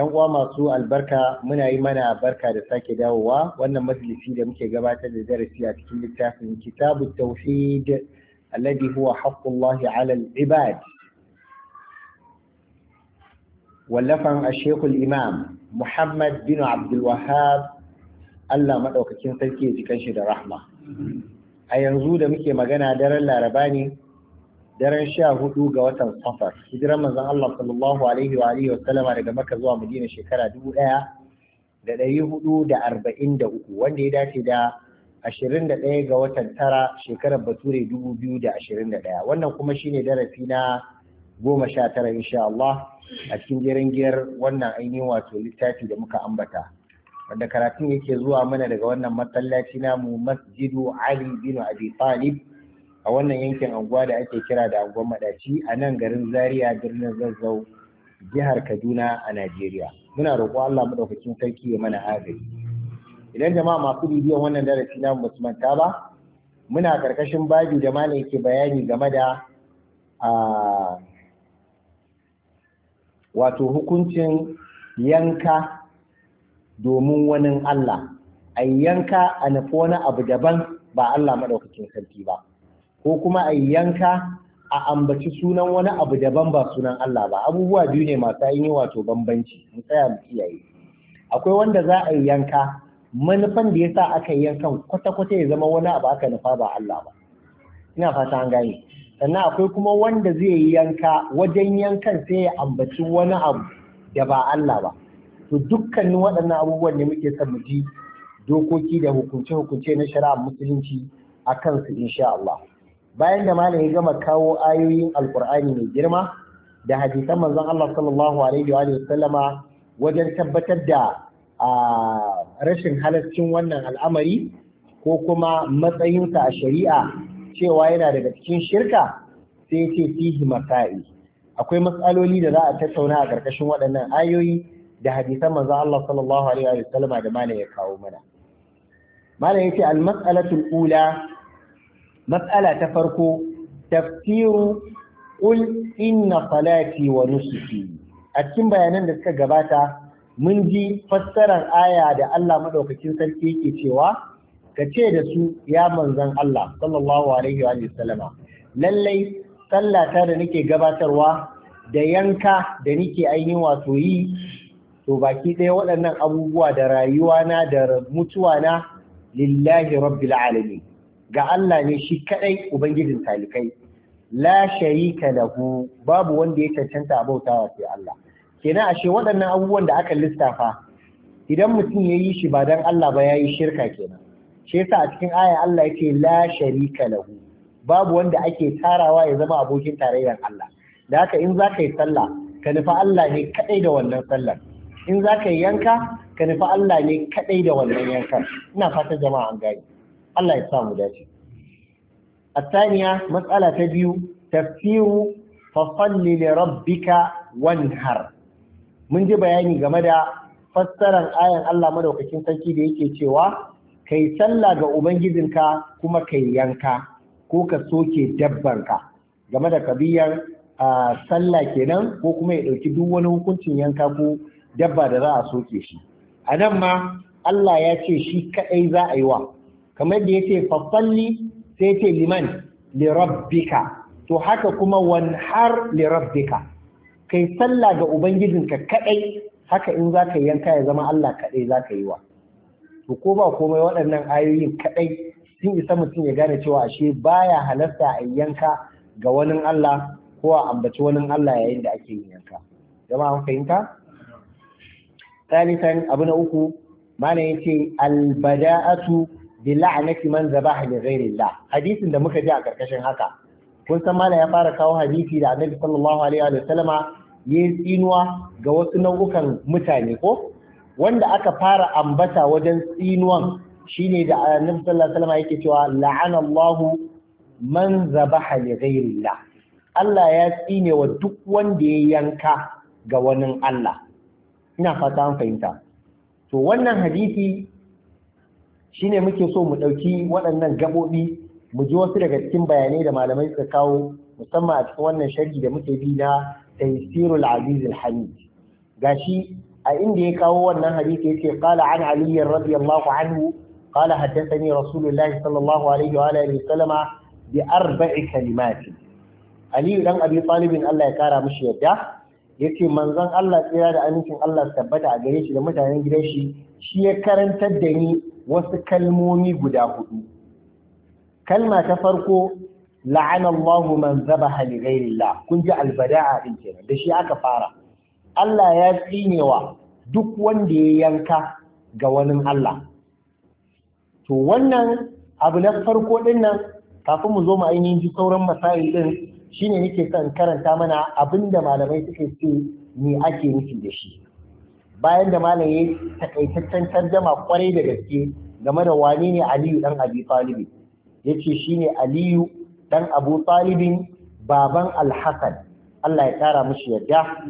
'yan uwa masu albarka muna yi mana barka da sake dawowa wannan majalisi da muke gabatar da darasi a cikin littafin kitabu tauhid alladhi huwa haqqullahi ala al-ibad wallafan ash-shaykh al-imam Muhammad bin Abdulwahab, Wahhab Allah madaukakin sarki ya jikan shi da rahma a yanzu da muke magana daren Laraba ne daren sha hudu ga watan safar hijiran manzon Allah sallallahu alaihi wa alihi wasallama daga Makka zuwa Madina shekara dubu ɗaya da ɗari hudu da arba'in da uku wanda ya dace da ashirin da ɗaya ga watan tara shekarar bature dubu biyu da ashirin da ɗaya wannan kuma shine darasi na goma sha tara insha Allah a cikin jerin giyar wannan ainihin wato littafi da muka ambata wanda karatun yake zuwa mana daga wannan masallaci namu masjidu Ali bin Abi Talib a wannan yankin anguwa da ake kira da anguwan madaci a nan garin zaria birnin zazzau jihar kaduna a najeriya muna roƙo allah maɗaukakin sarki ya mana agaji idan jama'a masu bidiyon wannan darasi na mu manta ba muna karkashin babi da malam yake bayani game da wato hukuncin yanka domin wani allah a yanka a nufi wani abu daban ba allah maɗaukakin sarki ba ko kuma a yanka a ambaci sunan wani abu daban ba sunan Allah ba abubuwa biyu ne masu yi wato bambanci mu tsaya mu kiyaye akwai wanda za a yi yanka manufan da yasa aka yi yankan kwata-kwata ya zama wani abu aka nufa ba Allah ba ina fata an gane sannan akwai kuma wanda zai yi yanka wajen yankan sai ya ambaci wani abu da ba Allah ba to dukkanin waɗannan abubuwan ne muke son mu ji dokoki da hukunce-hukunce na shari'ar musulunci a kansu insha Allah bayan da malam ya gama kawo ayoyin alkur'ani mai girma da hadisan manzon Allah sallallahu alaihi wa sallama wajen tabbatar da rashin halascin wannan al'amari ko kuma matsayinsa a shari'a cewa yana daga cikin shirka sai ce fihi masa'i akwai matsaloli da za a tattauna a ƙarƙashin waɗannan ayoyi da hadisan manzon Allah sallallahu alaihi wa sallama da malam ya kawo mana malam yace al al ula matsala ta farko tafsiru qul inna salati wa nusuki a cikin bayanan da suka gabata mun ji fassarar aya da Allah madaukakin sarki yake cewa ka ce da su ya manzon Allah sallallahu alaihi wa sallama lallai sallata da nake gabatarwa da yanka da nake ainihin wato yi to baki ɗaya waɗannan abubuwa da rayuwana da mutuwa na, lillahi rabbil alamin ga Allah ne shi kadai ubangijin talikai la sharika lahu babu wanda ya cancanta a bautawa sai Allah kenan ashe waɗannan abubuwan da aka lissafa idan mutum ya yi shi ba dan Allah ba yayi shirka kenan shi yasa a cikin aya Allah yake la sharika lahu babu wanda ake tarawa ya zama abokin tarayyar Allah da haka in za ka yi sallah ka nufa Allah ne kadai da wannan sallar in za ka yi yanka ka nufi Allah ne kadai da wannan yankan ina fata jama'a an gani Allah ya samu dace matsala الثانية مسألة تبيو تفسير li wan wanhar. mun ji bayani game da fassarar ayan Allah madaukakin sarki da yake cewa kai sallah ga ubangijinka kuma kai yanka ko ka soke dabbanka game da kabiyar sallah kenan ko kuma ya ɗauki duk wani hukuncin yanka ko dabba da za a soke shi a nan ma Allah ya ce shi kaɗai za a yi wa kamar da yace faffalli sai yace liman li rabbika to haka kuma har li rabbika kai sallah ga ubangijinka kadai haka in zaka yanka ya zama Allah kadai zaka yi wa to ko ba komai waɗannan ayoyin kadai sun isa mutum ya gane cewa ashe baya halasta a yanka ga wani Allah ko a ambaci wani Allah yayin da ake yin yanka jama'a an fahimta ثالثا abu na uku malam yace albada'atu bi la'anati man zabaha li ghairillah hadisin da muka ji a karkashin haka kun san mana ya fara kawo hadisi da Annabi sallallahu alaihi wa sallama yayi tsinuwa ga wasu nau'ukan mutane ko wanda aka fara ambata wajen tsinuwan shine da Annabi sallallahu alaihi wa sallama yake cewa la'ana Allahu man zabaha li ghairillah Allah ya tsine wa duk wanda ya yanka ga wani Allah ina fata an fahimta to wannan hadisi Shi ne muke so mu ɗauki waɗannan gaɓoɓi mu ji wasu daga cikin bayanai da malamai suka kawo musamman a cikin wannan sharhi da muke bi na tafsirul aziz hamid gashi a inda ya kawo wannan hadisi yace qala an ali radiyallahu anhu qala haddathani rasulullahi sallallahu alaihi wa alihi wasallama bi arba'i kalimat ali dan abi talib Allah ya kara mishi yadda yace manzon Allah tsira da amincin Allah tabbata a gare shi da mutanen gidan shi shi ya karantar da ni wasu kalmomi guda hudu kalma ta farko "La'anallahu man zabaha li Allah, kun ji albada'a din kenan da shi aka fara Allah ya tsinewa duk wanda ya yanka ga wani Allah to wannan abu na farko din nan kafin mu zo mu ainihin ji sauran ɗin, din shine nake son karanta mana abinda malamai suka ce ni ake nufi da shi bayan da malam ya takaitaccen tarjama kwarai da gaske game da wani ne Aliyu dan Abi Talib yace shine Aliyu dan Abu Talib baban Al-Hasan Allah ya kara mishi yadda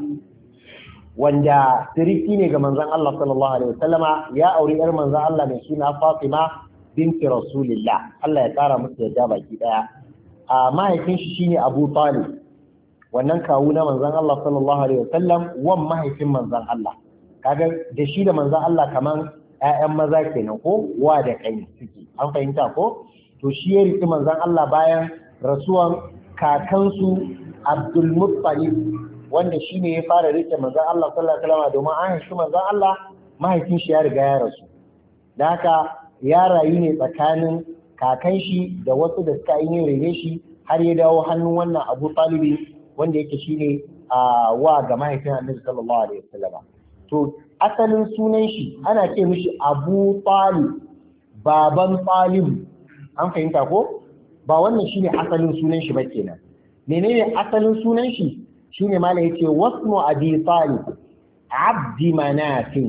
wanda siriki ne ga manzon Allah sallallahu alaihi wasallama ya aure yar manzon Allah mai suna Fatima binti Rasulillah Allah ya kara musu yadda baki daya a mahaifin shi shine Abu Talib wannan kawu na manzon Allah sallallahu alaihi wasallam wan mahaifin manzon Allah kaga da shi da manzon Allah kaman 'ya'yan maza kenan ko wa da kai suke an fahimta ko to shi ya riki manzon Allah bayan rasuwan kakansu Abdul Muttalib wanda shi ne ya fara rike manzon Allah sallallahu alaihi domin an haifi manzon Allah mahaifin shi ya riga ya rasu da haka ya rayu ne tsakanin kakan shi da wasu da suka yi rage shi har ya dawo hannun wannan Abu Talibi wanda yake shine a wa ga mahaifin Annabi sallallahu alaihi wasallam to asalin sunan shi ana ce mishi abu talib baban talib an fahimta ko ba wannan shine asalin sunan shi ba kenan menene asalin sunan shi shine malam yace wasmu abi talib abdi manafin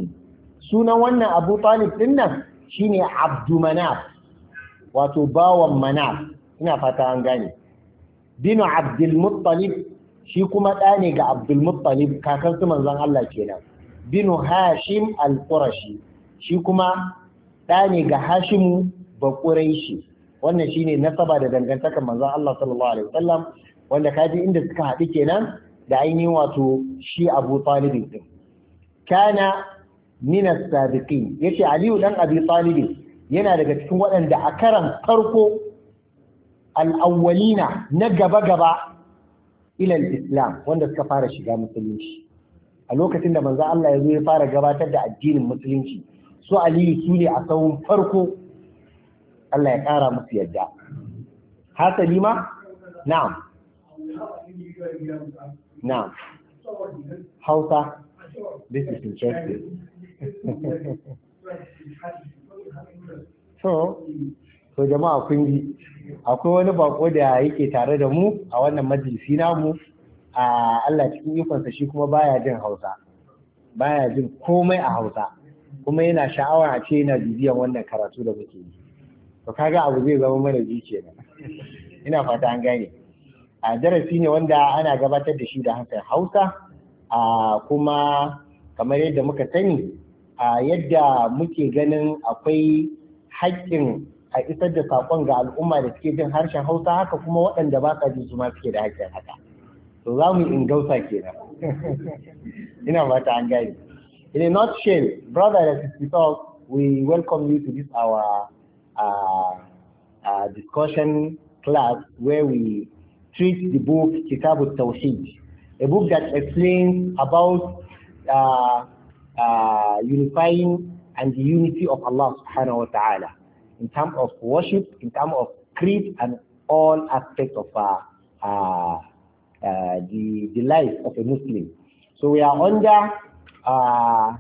sunan wannan abu talib din nan shine abdu manaf wato bawan manaf ina fata an gane binu abdul muttalib shi kuma ɗa ne ga abdul muttalib kakar su manzon Allah kenan binu hashim al-qurashi shi kuma ɗa ne ga hashimu ba wannan shine nasaba da dangantakar manzon Allah sallallahu alaihi wasallam wanda kaji inda suka haɗu kenan da ainihin wato shi Abu Talib din kana min as-sabiqin yace Aliyu dan Abi Talib yana daga cikin waɗanda a karan farko al-awwalina na gaba gaba ila al-islam wanda suka fara shiga musulunci a lokacin da manzo Allah ya zo ya fara gabatar da addinin musulunci su aliyu su ne a sauran farko Allah ya ƙara musu yadda hasali ma na'am na'am hausa this is interesting so so jama'a kun yi akwai wani bako da yake tare da mu a wannan majalisi namu a Allah cikin ikonsa shi kuma baya jin Hausa baya jin komai a Hausa kuma yana sha'awa a ce yana bibiyan wannan karatu da muke yi to kaga abu zai zama mana zuciya ina fata an gane a darasi ne wanda ana gabatar da shi da hankali Hausa a kuma kamar yadda muka sani a yadda muke ganin akwai haƙƙin a isar da saƙon ga al'umma da suke jin harshen Hausa haka kuma waɗanda ba sa jin su ma suke da haƙƙin haka So zamu ingauta kenan. Ina mata an gani. In a nutshell, brother that is with we welcome you to this our uh, uh, discussion class where we treat the book Kitab al-Tawheed, a book that explains about uh, uh, unifying and the unity of Allah subhanahu wa ta'ala in terms of worship, in terms of creed and all aspects of uh, uh, the, the life of a Muslim. So we are under uh,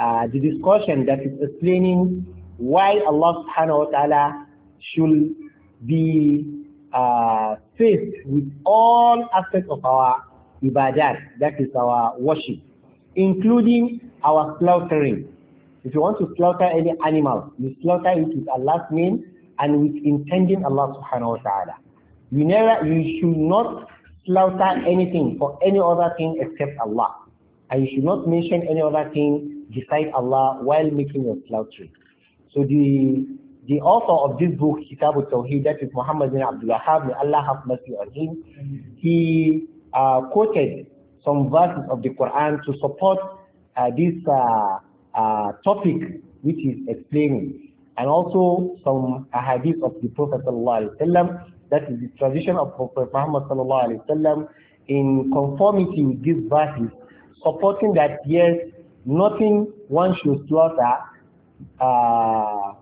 uh, the discussion that is explaining why Allah subhanahu wa ta'ala should be uh, faced with all aspects of our ibadat, that is our worship, including our slaughtering. If you want to slaughter any animal, you slaughter it with Allah's name and with intending Allah subhanahu wa ta'ala. You never you should not slaughter anything for any other thing except Allah. And you should not mention any other thing beside Allah while making your slaughtering. So the the author of this book, Kitab al-Tawheed, that is Muhammad bin Abdul may Allah have mercy on him, he uh, quoted some verses of the Quran to support uh, this uh, uh topic which is explaining, and also some hadith of the Prophet sallallahu that is the tradition of Prophet Muhammad sallallahu alaihi wasallam, in conformity with these verses, supporting that yes, nothing one should slaughter uh,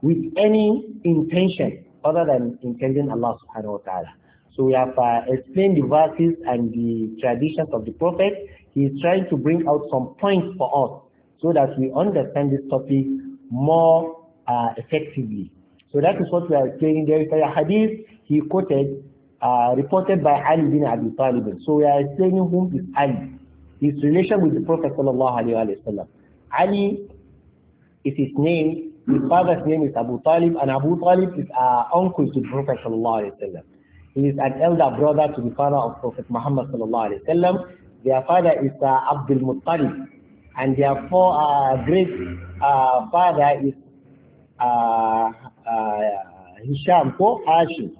with any intention other than intending Allah subhanahu wa ta'ala. So we have uh, explained the verses and the traditions of the Prophet. He is trying to bring out some points for us so that we understand this topic more uh, effectively. So that is what we are explaining. There is hadith he quoted, uh, reported by Ali bin Abi Talib. So we are saying whom is Ali, his relation with the Prophet sallallahu Ali is his name. His father's name is Abu Talib, and Abu Talib is uh, uncle to the Prophet sallallahu He is an elder brother to the father of Prophet Muhammad sallallahu Their father is uh, Abdul Muttalib, and their four uh, great uh, father is uh, uh, Hisham, or Hashim.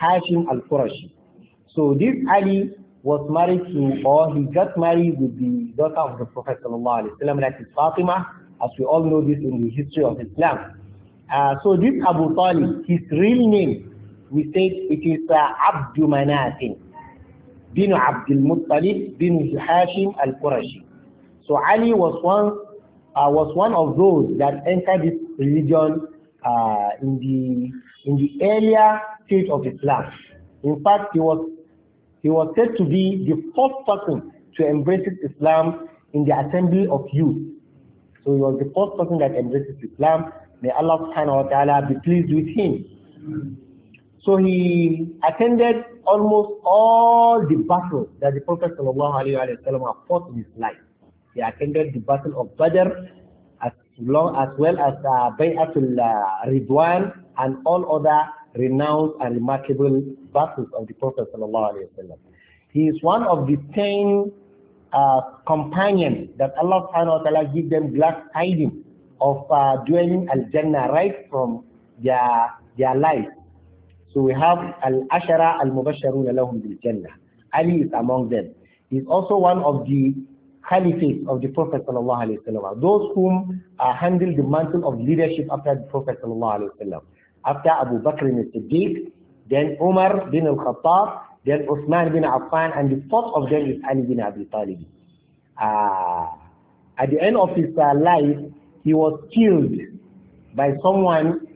Hashim al-Qurashi. So this Ali was married to, or he got married with the daughter of the Prophet sallallahu alaihi wasallam, that is Fatima, as we all know this in the history of Islam. Uh, so this Abu Talib, his real name, we say it is uh, Abdul Manatin, bin Abdul Muttalib, bin Hashim al-Qurashi. So Ali was one uh, was one of those that entered this religion uh, in in the earlier stage of Islam. In fact, he was, he was said to be the first person to embrace Islam in the assembly of youth. So he was the first person that embraced Islam. May Allah subhanahu wa ta'ala be pleased with him. So he attended almost all the battles that the Prophet sallallahu alayhi wa sallam fought in his life. He attended the battle of Badr, as well as uh, Bayatul uh, Ridwan and all other renowned and remarkable verses of the Prophet He is one of the ten uh, companions that Allah subhanahu wa ta'ala give them glad tidings of uh, dwelling al-Jannah right from their, their life. So we have al-Ashara al-Mubasharun lahum bil-Jannah. Ali is among them. He's also one of the caliphate of the Prophet those whom uh, handled the mantle of leadership after the Prophet After Abu Bakr bin Siddiq, then Umar bin al-Khattab, then Uthman bin Affan, and the fourth of them is Ali bin Abi Talib. Uh, at the end of his uh, life, he was killed by someone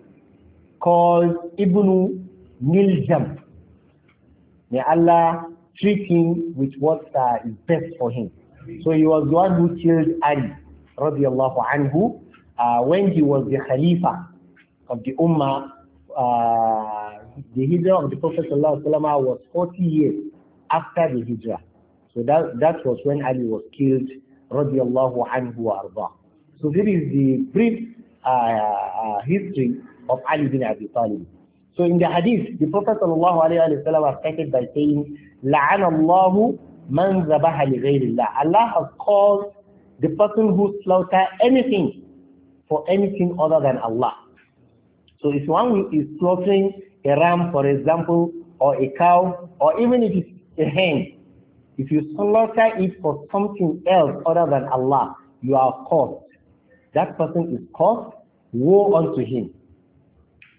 called Ibn Niljam. May Allah treat him with what uh, is best for him. So he was the one who killed Ali radiallahu anhu uh, when he was the Khalifa of the Ummah. Uh, the Hijrah of the Prophet sallallahu was 40 years after the Hijrah. So that, that was when Ali was killed radiallahu anhu arba. So this is the brief uh, uh, history of Ali bin Abi Talib. So in the hadith, the Prophet sallallahu alayhi wa sallam started by saying, لَعَنَ اللَّهُ man zabaha li ghayrillah. Allah has called the person who slaughter anything for anything other than Allah. So if one is slaughtering a ram, for example, or a cow, or even if it's a hen, if you slaughter it for something else other than Allah, you are cursed. That person is cursed. Woe unto him.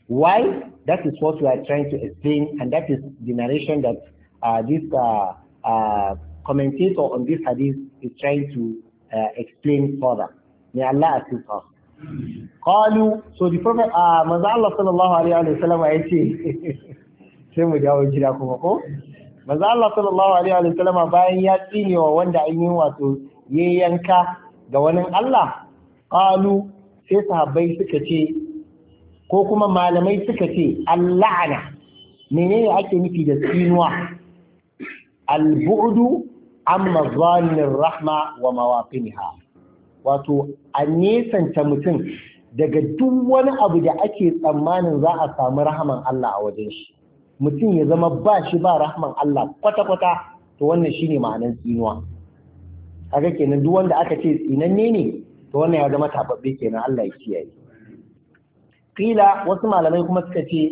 Why? That is what we are trying to explain, and that is the narration that uh, this uh, Uh, commentator on this hadith is trying to uh, explain further. May Allah assist us. Kalu, so the Prophet, uh, Manzo Allah sallallahu alaihi wa sallam ya ce, sai mu dawo jira kuma ko? Manzo Allah sallallahu alaihi wa sallam bayan ya tsini wa wanda an yi wato ya yanka ga wani Allah, Kalu, sai sahabbai suka ce ko kuma malamai suka ce Allah na menene ake nufi da tsinuwa albu'du amma zalimin rahma wa mawaqiniha wato a nesanta mutum daga duk wani abu da ake tsammanin za a samu rahman Allah a wajen shi mutum ya zama ba shi ba rahman Allah kwata-kwata to wannan shine ma'anar tsinuwa kaga kenan duk wanda aka ce tsinanne ne to wannan ya zama tababbe kenan Allah ya kiyaye qila wasu malamai kuma suka ce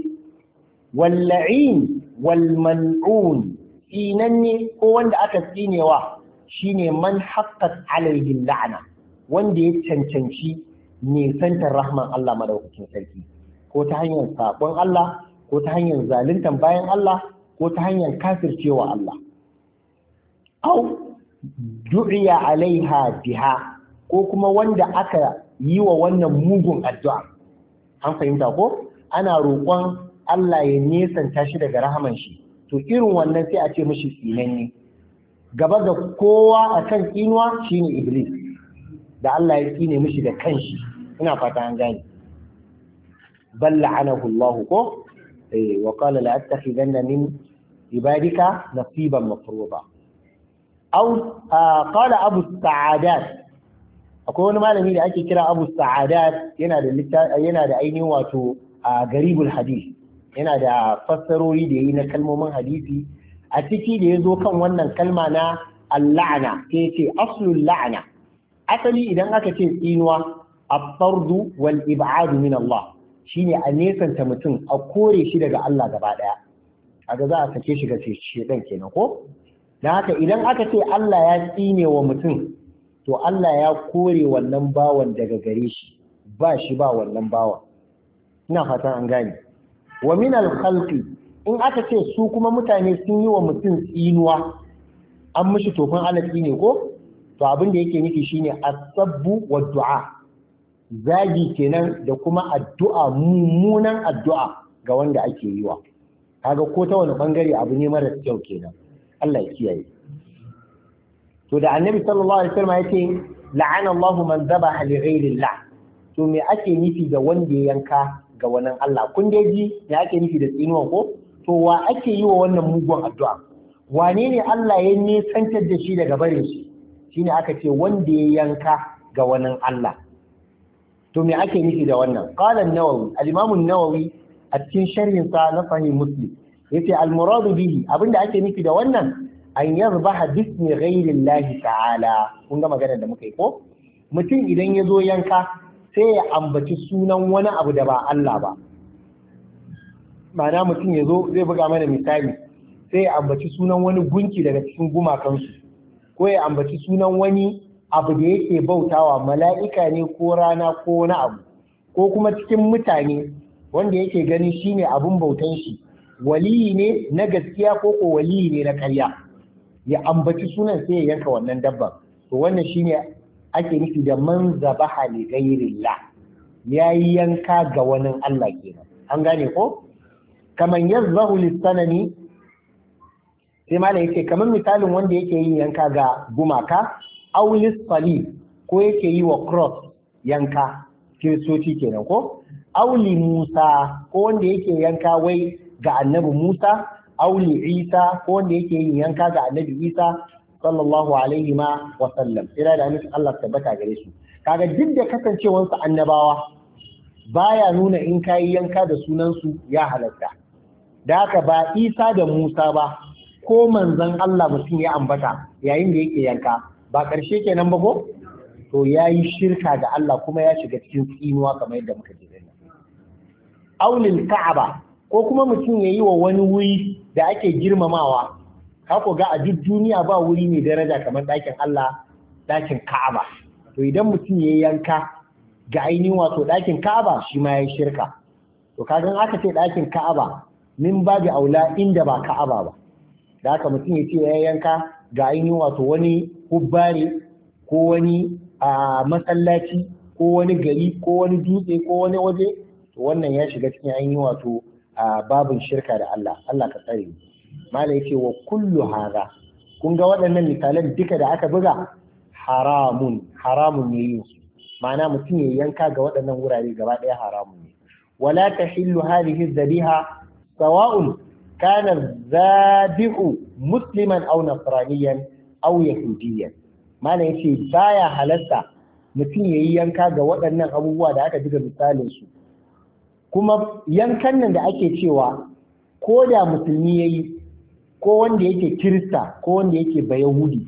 walla'in wal mal'un tsinanne ko wanda aka tsinewa shine man haqqat alaihin la'ana wanda ya cancanci nisantar rahman Allah madaukakin sarki ko ta hanyar saƙon Allah ko ta hanyar zaluntan bayan Allah ko ta hanyar kafircewa Allah au du'iya alaiha biha ko kuma wanda aka yi wa wannan mugun addu'a an fahimta ko ana roƙon Allah ya nesanta shi daga rahaman shi to irin wannan sai a ce mashi tsinanni gaba da kowa a kan tsinuwa shine iblis da Allah ya tsine mashi da kanshi ina fata an gane bal la'anahu Allah ko eh wa qala la attakhidanna min ibadika nasiban mafruḍa aw qala abu sa'adat akwai wani malami da ake kira abu sa'adat yana da yana da ainihin wato garibul hadith yana da fassarori da yi na kalmomin hadisi a ciki da ya zo kan wannan kalma na al laana sai ce aslul la'ana. asali idan aka ce tsinuwa afardu wal ib'ad min Allah shine a nesanta mutum a kore shi daga Allah gaba daya kaga za a sake shi ga shedan kenan ko dan haka idan aka ce Allah ya tsine wa mutum to Allah ya kore wannan bawan daga gare shi ba shi ba wannan bawan ina fatan an gane wa min al in aka ce su kuma mutane sun yi wa mutum tsinuwa an mishi tofin alaki ne ko to abin da yake nufi shine asabbu wa du'a zagi kenan da kuma addu'a mummunan addu'a ga wanda ake yi wa kaga ko ta wani bangare abu ne mara kyau kenan Allah ya kiyaye to da annabi sallallahu alaihi wasallam yake la'ana Allahu man dhabaha li Allah to me ake nufi da wanda ya yanka ga wannan Allah kun dai ji me ake nufi da tsinuwa ko to wa ake yi wa wannan mugun addu'a wane ne Allah ya nisantar da shi daga bare shi shine aka ce wanda ya yanka ga wannan Allah to me ake nufi da wannan qala an-nawawi al-imam an-nawawi a cikin sharhin sa na sahih muslim yace al-muradu bihi abinda ake nufi da wannan an yazbaha bismi ghayrillahi ta'ala kun ga maganar da muka yi ko mutum idan ya zo yanka sai ya ambaci sunan wani abu da ba Allah ba mana mutum ya zo zai buga mana misali sai ya ambaci sunan wani gunki daga cikin gumakansu ko ya ambaci sunan wani abu da yake bautawa mala'ika ne ko rana ko wani abu ko kuma cikin mutane wanda yake gani shine abin bautan shi waliyi ne na gaskiya ko ko waliyi ne na karya ya ambaci sunan sai ya yanka wannan dabban to wannan shi ne. ake nufi da man zabaha la ya yi yanka ga wani Allah kenan an gane ko kaman yazbahu lisanani sai malam yace kamar misalin wanda yake yin yanka ga gumaka aw Fali ko yake yi wa cross yanka kiristoci kenan ko auli musa ko wanda yake yanka wai ga annabi musa auli isa ko wanda yake yin yanka ga annabi isa sallallahu alaihi ma wa sallam ira da amincin Allah tabbata gare su kaga duk da kasancewansu annabawa baya nuna in kayi yanka da sunansu ya halatta da haka ba Isa da Musa ba ko manzon Allah mutum ya ambata yayin da yake yanka ba ƙarshe kenan ba ko to yayi shirka da Allah kuma ya shiga cikin tsinuwa kamar yadda muka ji dinnan aulil ka'aba ko kuma mutum yayi wa wani wuri da ake girmamawa ka ko ga a duk duniya ba wuri mai daraja kamar ɗakin Allah ɗakin Ka'aba to idan mutum ya yanka ga ainihin wato ɗakin Ka'aba shi ma ya shirka to ga aka ce ɗakin Ka'aba min bi aula inda ba Ka'aba ba da haka mutum ya ce ya yanka ga ainihin wato wani hubbare, ko wani a masallaci ko wani gari ko wani dutse ko wani waje to wannan ya shiga cikin ainihin wato babin shirka da Allah Allah ka tsare mu malai ce wa kullu haza kun ga waɗannan misalan duka da aka buga haramun haramun ne yin su ma'ana mutum ya yanka ga waɗannan wurare gaba ɗaya haramun ne wala tahillu halihin zabiha, sawa'un kana dhabihu musliman aw nasraniyan aw yahudiyan malai ce baya halatta mutum ya yi yanka ga waɗannan abubuwa da aka buga misalin su kuma yankan nan da ake cewa ko da musulmi ya yi ko wanda yake kirista ko wanda yake bayahudi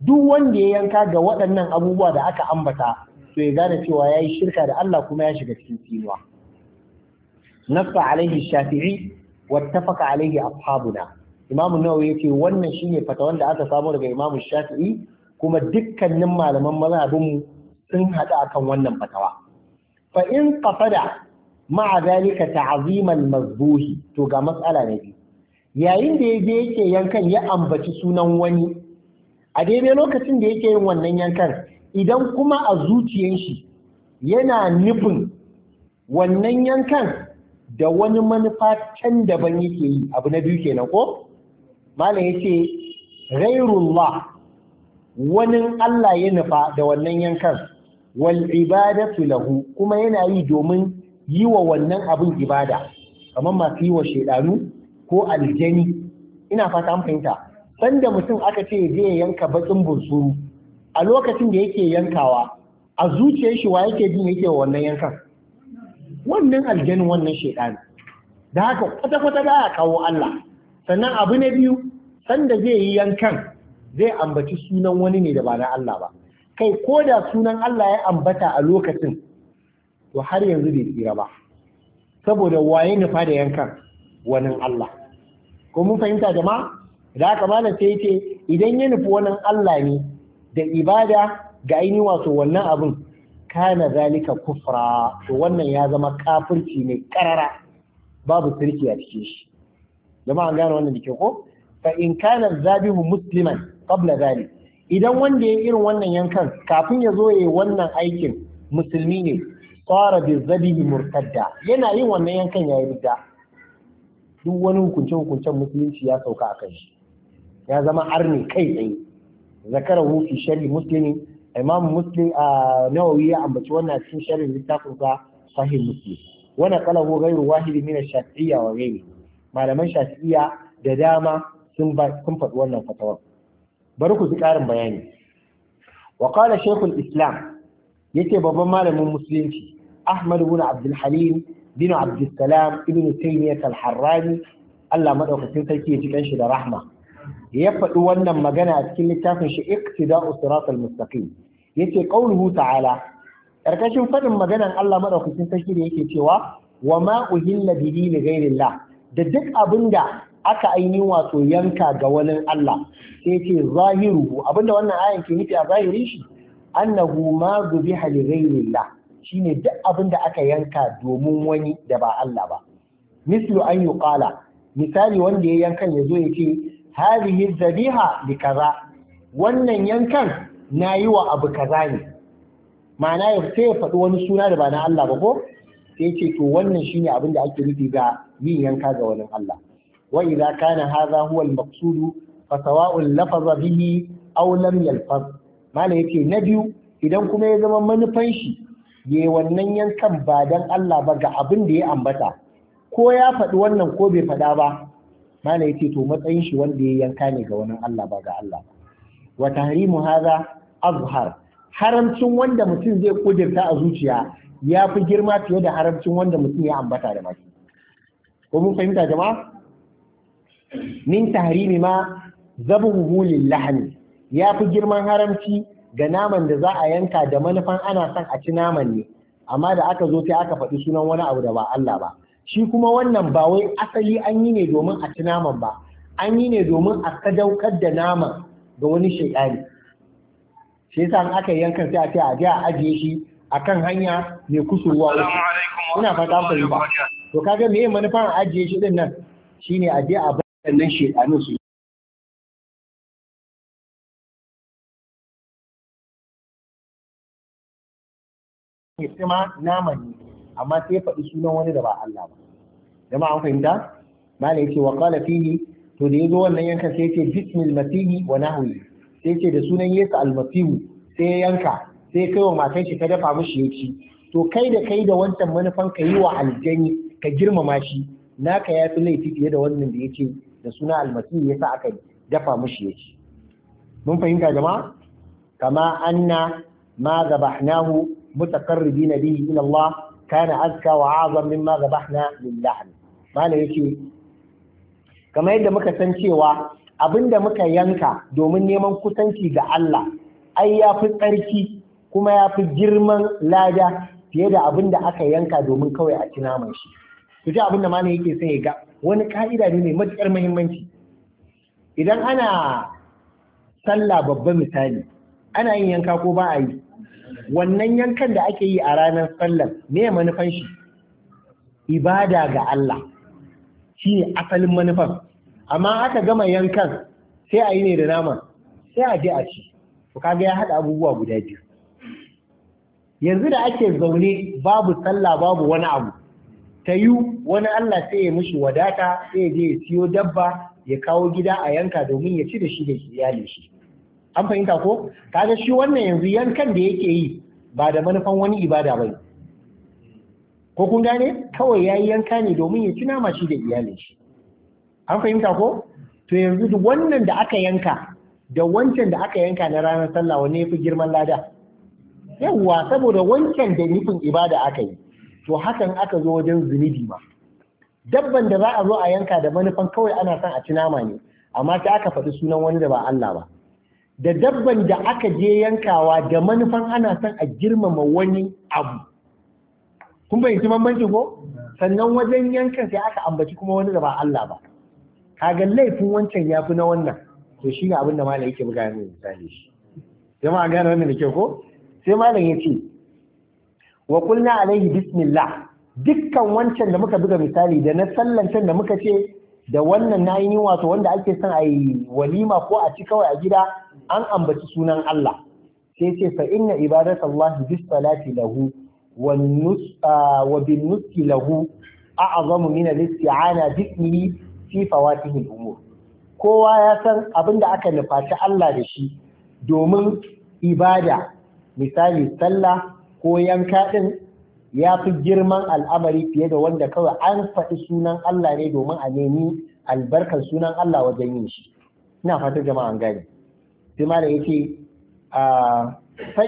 duk wanda ya yanka ga waɗannan abubuwa da aka ambata to ya gane cewa ya yi shirka da Allah kuma ya shiga cikin tsinuwa nassa alaihi shafi'i wattafaka alaihi ashabuna imamu ya ce wannan shine fata wanda aka samu daga imamu shafi'i kuma dukkanin malaman mazhabinmu sun haɗu akan wannan fatawa fa in qafada ma'a zalika ta'ziman mazbuhi to ga matsala na biyu yayin da ya je yake yankan ya ambaci sunan wani a daidai lokacin da yake yin wannan yankan idan kuma a zuciyar shi yana nufin wannan yankan da wani manufa can daban yake yi abu na biyu kenan ko malam yace ghairullah wani Allah ya nufa da wannan yankan wal ibadatu lahu kuma yana yi domin yi wa wannan abin ibada kamar masu yi wa shaidanu ko aljani ina fata an fahimta sanda mutum aka ce je ya yanka bakin bunsuru a lokacin da yake yankawa a zuciyar shi wa yake jin yake wannan yankan wannan aljanin wannan shaidan da haka kwata kwata ba ya kawo Allah sannan abu na biyu sanda zai yi yankan zai ambaci sunan wani ne da ba na Allah ba kai ko da sunan Allah ya ambata a lokacin to har yanzu bai tsira ba saboda waye nufa da yankan wani Allah ko mun fahimta jama'a da haka malam sai yace idan ya nufi wannan Allah ne da ibada ga aini wato wannan abin kana zalika kufra to wannan ya zama kafirci ne karara babu sirki a cikin shi jama'a gane wannan dake ko fa in kana zabihu musliman qabla zalik idan wanda ya irin wannan yankan kafin ya zo yayi wannan aikin musulmi ne fara bi zabihi murtadda yana yin wannan yankan yayi bid'a duk wani hukunce hukuncen musulunci ya sauka a kai ya zama arni kai tsaye zakara hufi shari musulmi imam musulmi a nawawi ya ambaci wannan cikin sharhin littafin sa sahih musulmi. wannan kalahu gairu wahidi min shafiiyya wa ghairi malaman shafi'iyya da dama sun ba sun faɗi wannan fatawar bari ku ji ƙarin bayani wa qala shaykhul islam yake babban malamin musulunci ahmad ibn abdul halim bin Abdulsalam ibn Taymiyyah al-Harrani Allah madaukakin sarki ya ji shi da rahma ya faɗi wannan magana a cikin littafin shi iqtida'u siratal mustaqim yace qauluhu ta'ala karkashin faɗin maganan Allah madaukakin sarki da yake cewa wa ma uhilla bihi li ghairillah da duk abinda aka aini wato yanka ga wani Allah sai ce zahiruhu abinda wannan ayan ke nufi a zahiri shi annahu ma zubiha li ghairillah shine duk abin da aka yanka domin wani da ba Allah ba mislu an yuqala misali wanda ya yankan ya zo ya ce hadhihi zabiha li kaza wannan yankan yi wa abu kaza ne ma'ana ya sai ya faɗi wani suna da ba na Allah ba ko sai ce to wannan shine abin da ake nufi ga yin yanka ga wani Allah wa idza kana hadha huwa al-maqsud fa sawa'un lafaza bihi aw lam yalfaz malai yake na biyu idan kuma ya zama manufan shi ya wannan yankan ba don Allah ba ga abin da ya ambata ko ya faɗi wannan ko bai faɗa ba mana yace to matsayin shi wanda ya yanka ne ga wannan Allah ba ga Allah wa tahrimu hadha azhar haramcin wanda mutum zai kudirta a zuciya ya fi girma fiye da haramcin wanda mutum ya ambata da baki ko mun fahimta jama'a min tahrimi ma zabuhu lil lahani ya fi girman haramci ga naman da za a yanka da manufan ana son a ci naman ne amma da aka zo sai aka faɗi sunan wani abu da ba Allah ba shi kuma wannan ba wai asali an yi ne domin a ci naman ba an yi ne domin a sadaukar da naman ga wani shekari shi yasa an aka yanka sai a ce a je a ajiye shi akan hanya mai kusurwa wasu ina fata ba, to kaga me manufan ajiye shi din nan shine a je a nan shekanun su ce tsima naman ne amma sai faɗi sunan wani da ba Allah ba jama'a an fahimta mala yace wa qala fihi to da yazo wannan yanka sai yace bismil masihi wa nahwi sai yace da sunan Yesu almasihu sai ya yanka sai kai wa matan shi ta dafa mishi ya to kai da kai da wancan manufan ka yi wa aljani ka girmama shi naka ya fi laifi fiye da wannan da yace da suna almasihu yasa aka dafa mishi ya ci mun fahimta jama'a kama anna ma zabahnahu mutaqarribin bihi ila Allah kana aska wa azam mimma zabahna lillahi malam yake kamar yadda muka san cewa abinda muka yanka domin neman kusanci ga Allah ai ya fi tsarki kuma ya fi girman lada fiye da abinda aka yanka domin kawai a ci naman shi ku ji abin da malam yake son ya ga wani ka'ida ne mai matuƙar muhimmanci idan ana sallah babban misali ana yin yanka ko ba a yi wannan yankan da ake yi a ranar sallar ne manufan shi ibada ga Allah shi ne asalin manufan amma aka gama yankan sai a yi ne da nama sai a je a ci to kaga ya haɗa abubuwa guda biyu yanzu da ake zaune babu sallah babu wani abu ta yi wani Allah sai ya mishi wadata sai ya je ya siyo dabba ya kawo gida a yanka domin ya ci da shi da iyalin shi an fahimta ko kaga shi wannan yanzu yankan da yake yi ba da manufan wani ibada ba ko kun gane kawai ya yi yanka ne domin ya ci nama shi da iyalin shi an fahimta ko to yanzu duk wannan da aka yanka da wancan da aka yanka na ranar sallah wanne ya fi girman lada yawwa saboda wancan da nufin ibada aka yi to hakan aka zo wajen zunubi ma dabban da za a zo a yanka da manufan kawai ana son a ci nama ne amma ta aka faɗi sunan wani da ba Allah ba da dabban da aka je yankawa da manufan ana son a girmama wani abu kun bayyanci bambanci ko sannan wajen yankan sai aka ambaci kuma wani da ba Allah ba kaga laifin wancan ya fi na wannan to shi ne abin da malam yake buga ne misali shi sai ma gane wannan da ke ko sai malam yace wa kulna alaihi bismillah dukkan wancan da muka buga misali da na sallancen da muka ce da wannan na yi wato wanda ake son a yi walima ko a ci kawai a gida an ambaci sunan Allah sai ce fa inna ibadatallahi bis salati lahu wan nus wa bin nuski lahu a'zamu min al-isti'ana bi fi fawatihi al-umur kowa ya san abinda aka nufaci Allah da shi domin ibada misali sallah ko yanka din ya fi girman al'amari fiye da wanda kawai an faɗi sunan Allah ne domin a nemi albarkar sunan Allah wajen yin shi ina fatar jama'a an gane sai malam yace a fa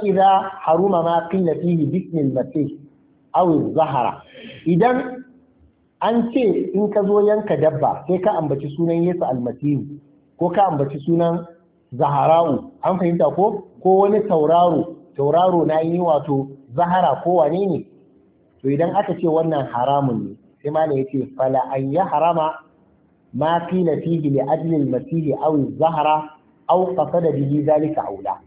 haruma ma fi fihi bikin al-masih aw zahara idan an ce in ka zo yanka dabba sai ka ambaci sunan Yesu almasihu ko ka ambaci sunan zahara'u an fahimta ko ko wani tauraro tauraro na yi wato zahara ko wane ne to idan aka ce wannan haramun ne sai ma ya ce fala an ya harama ma qila fi li ajli almasihi aw zahara au qasada bihi zalika aula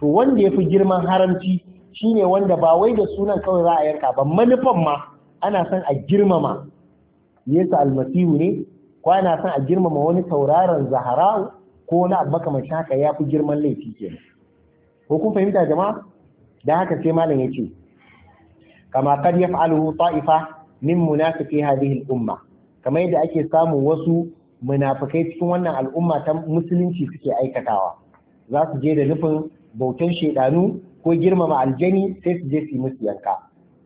to wanda yafi girman haramci shine wanda ba wai da sunan kawai za a yarka ba manufan ma ana son a girmama Yesu almasihu ne ko ana son a girmama wani tauraron zahara'u ko wani abu makamancin haka ya fi girman laifi kenan ko kun fahimta jama'a Da haka sai malam yace kama kad yaf'aluhu ta'ifa min munafiqi hadhihi al-umma kamar yadda ake samun wasu munafikai cikin wannan al'umma ta musulunci suke aikatawa za su je da nufin bautan shaidanu ko girmama aljani sai su je su musu yanka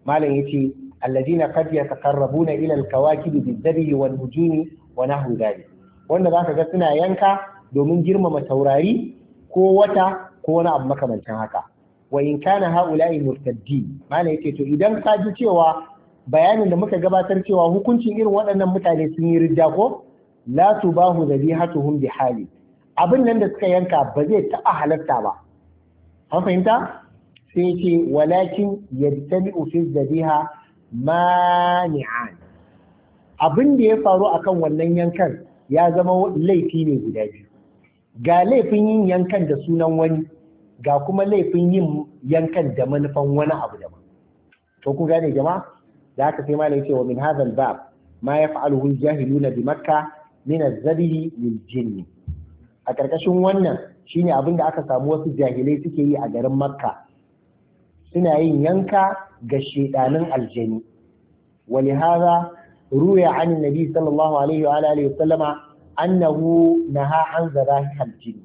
malam yace alladina qad yataqarrabuna ila alkawakib bizzabihi wan nujumi wa nahwu dhalik wanda zaka ga suna yanka domin girmama taurari ko wata ko wani abu makamancin haka wa in kana haula'i murtaddi malam yace to idan ka ji cewa bayanin da muka gabatar cewa hukuncin irin waɗannan mutane sun yi ridda ko la tubahu dhabihatuhum bi hali abin nan da suka yanka ba zai taɓa halatta ba an fahimta sai ce walakin yajtami'u fi zabiha mani'an abin da ya faru akan wannan yankan ya zama laifi ne guda biyu ga laifin yin yankan da sunan wani ga kuma laifin yin yankan da manufan wani abu daban to ku gane jama'a da aka sai malai cewa min hadha bab ma yaf'aluhu al-jahiluna bi makkah min az-zabihi lil jinn a karkashin wannan shine abin da aka samu wasu jahilai suke yi a garin makka suna yin yanka ga shedanin aljani ولهذا روي عن النبي صلى الله عليه وعلى اله وسلم انه نهى عن ذبائح الجن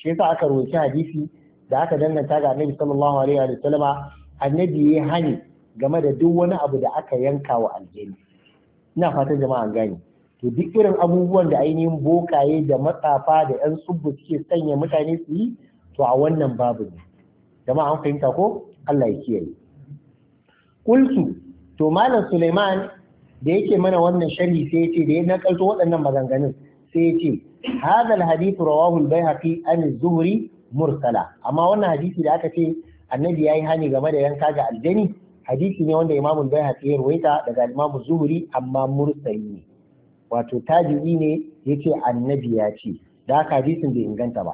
shi yasa aka roki hadisi da aka danganta ga annabi sallallahu alaihi wa sallama annabi ya hani game da duk wani abu da aka yanka wa aljani ina fatan jama'a gani to duk irin abubuwan da ainihin bokaye da matsafa da yan tsubbu suke sanya mutane su yi to a wannan babu ne jama'a an fahimta ko Allah ya kiyaye kultu to malam Suleiman da yake mana wannan sharhi sai yace da ya nakalto waɗannan maganganun sai yace hadha alhadith rawahu albayhaqi an az-zuhri mursala amma wannan hadisi da aka ce annabi yayi hani game da yanka ga aljani hadisi ne wanda imamul bayhaqi ya rawaita daga imamu Zuhuri, amma mursali ne wato tajiri ne yace annabi ya ce da haka hadisin bai inganta ba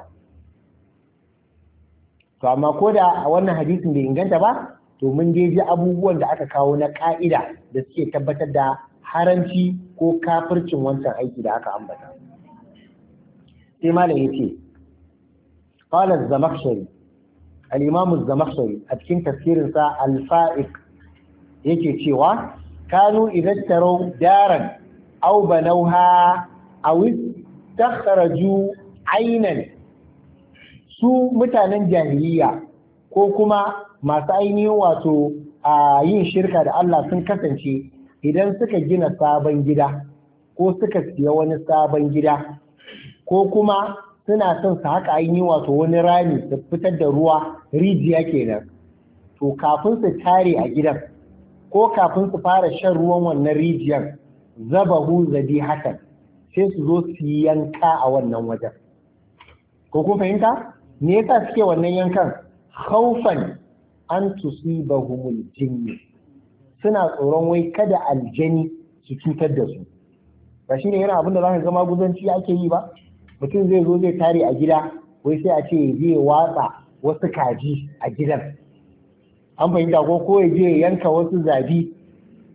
to amma ko da a wannan hadisin bai inganta ba to mun je ji abubuwan da aka kawo na ka'ida da suke tabbatar da haranci ko kafircin wancan aiki da aka ambata sai malam yace qala az-zamakhshari al-imam az-zamakhshari a cikin tafsirin sa al-fa'iq yake cewa kanu idan tarau daran aw banauha aw istakhraju aynan su mutanen jahiliya ko kuma masu ainihin wato a yin shirka da Allah sun kasance idan suka gina sabon gida ko suka siya wani sabon gida ko kuma suna son su haka ainihin wato wani rami su fitar da ruwa rijiya kenan to kafin su tare a gidan ko kafin su fara shan ruwan wannan rijiyar zabahu hakan sai su zo su yi yanka a wannan wajen ko kun fahimta me yasa suke wannan yankan khaufan an tusibahumul jinni suna tsoron wai kada aljani su cutar da su ba shi ne yana abin da za ka zama guzanci ake yi ba mutum zai zo zai tare a gida wai sai a ce zai watsa wasu kaji a gidan an fahimta ko ko ya je yanka wasu zabi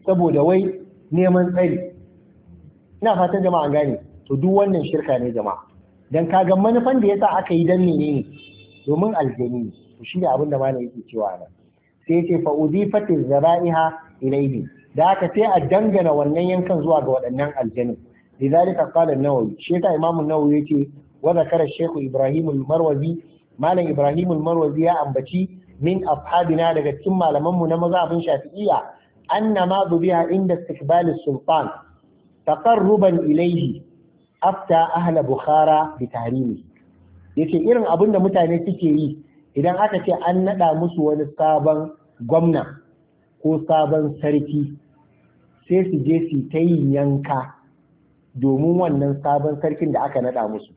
saboda wai neman tsari ina fatan jama'a gane to duk wannan shirka ne jama'a dan kaga manufan da yasa aka yi dan menene domin aljani to shine abin da malam yake cewa nan sai yace fa udifatiz zara'iha ilayhi da aka sai a dangana wannan yankan zuwa ga waɗannan aljanin lidhalika qala an-nawawi shi yasa imam an-nawawi yace wa zakara shaykh ibrahim al-marwazi malam ibrahim al-marwazi ya ambaci min afhadina daga cikin malaman mu na mazhabin shafi'iyya anna ma inda istiqbal sultan taqarruban ilaihi afta ahla bukhara bi tahrimi yace irin abin da mutane suke yi idan aka ce an naɗa musu wani sabon gwamna ko sabon sarki sai su je su ta yi yanka domin wannan sabon sarkin da aka naɗa musu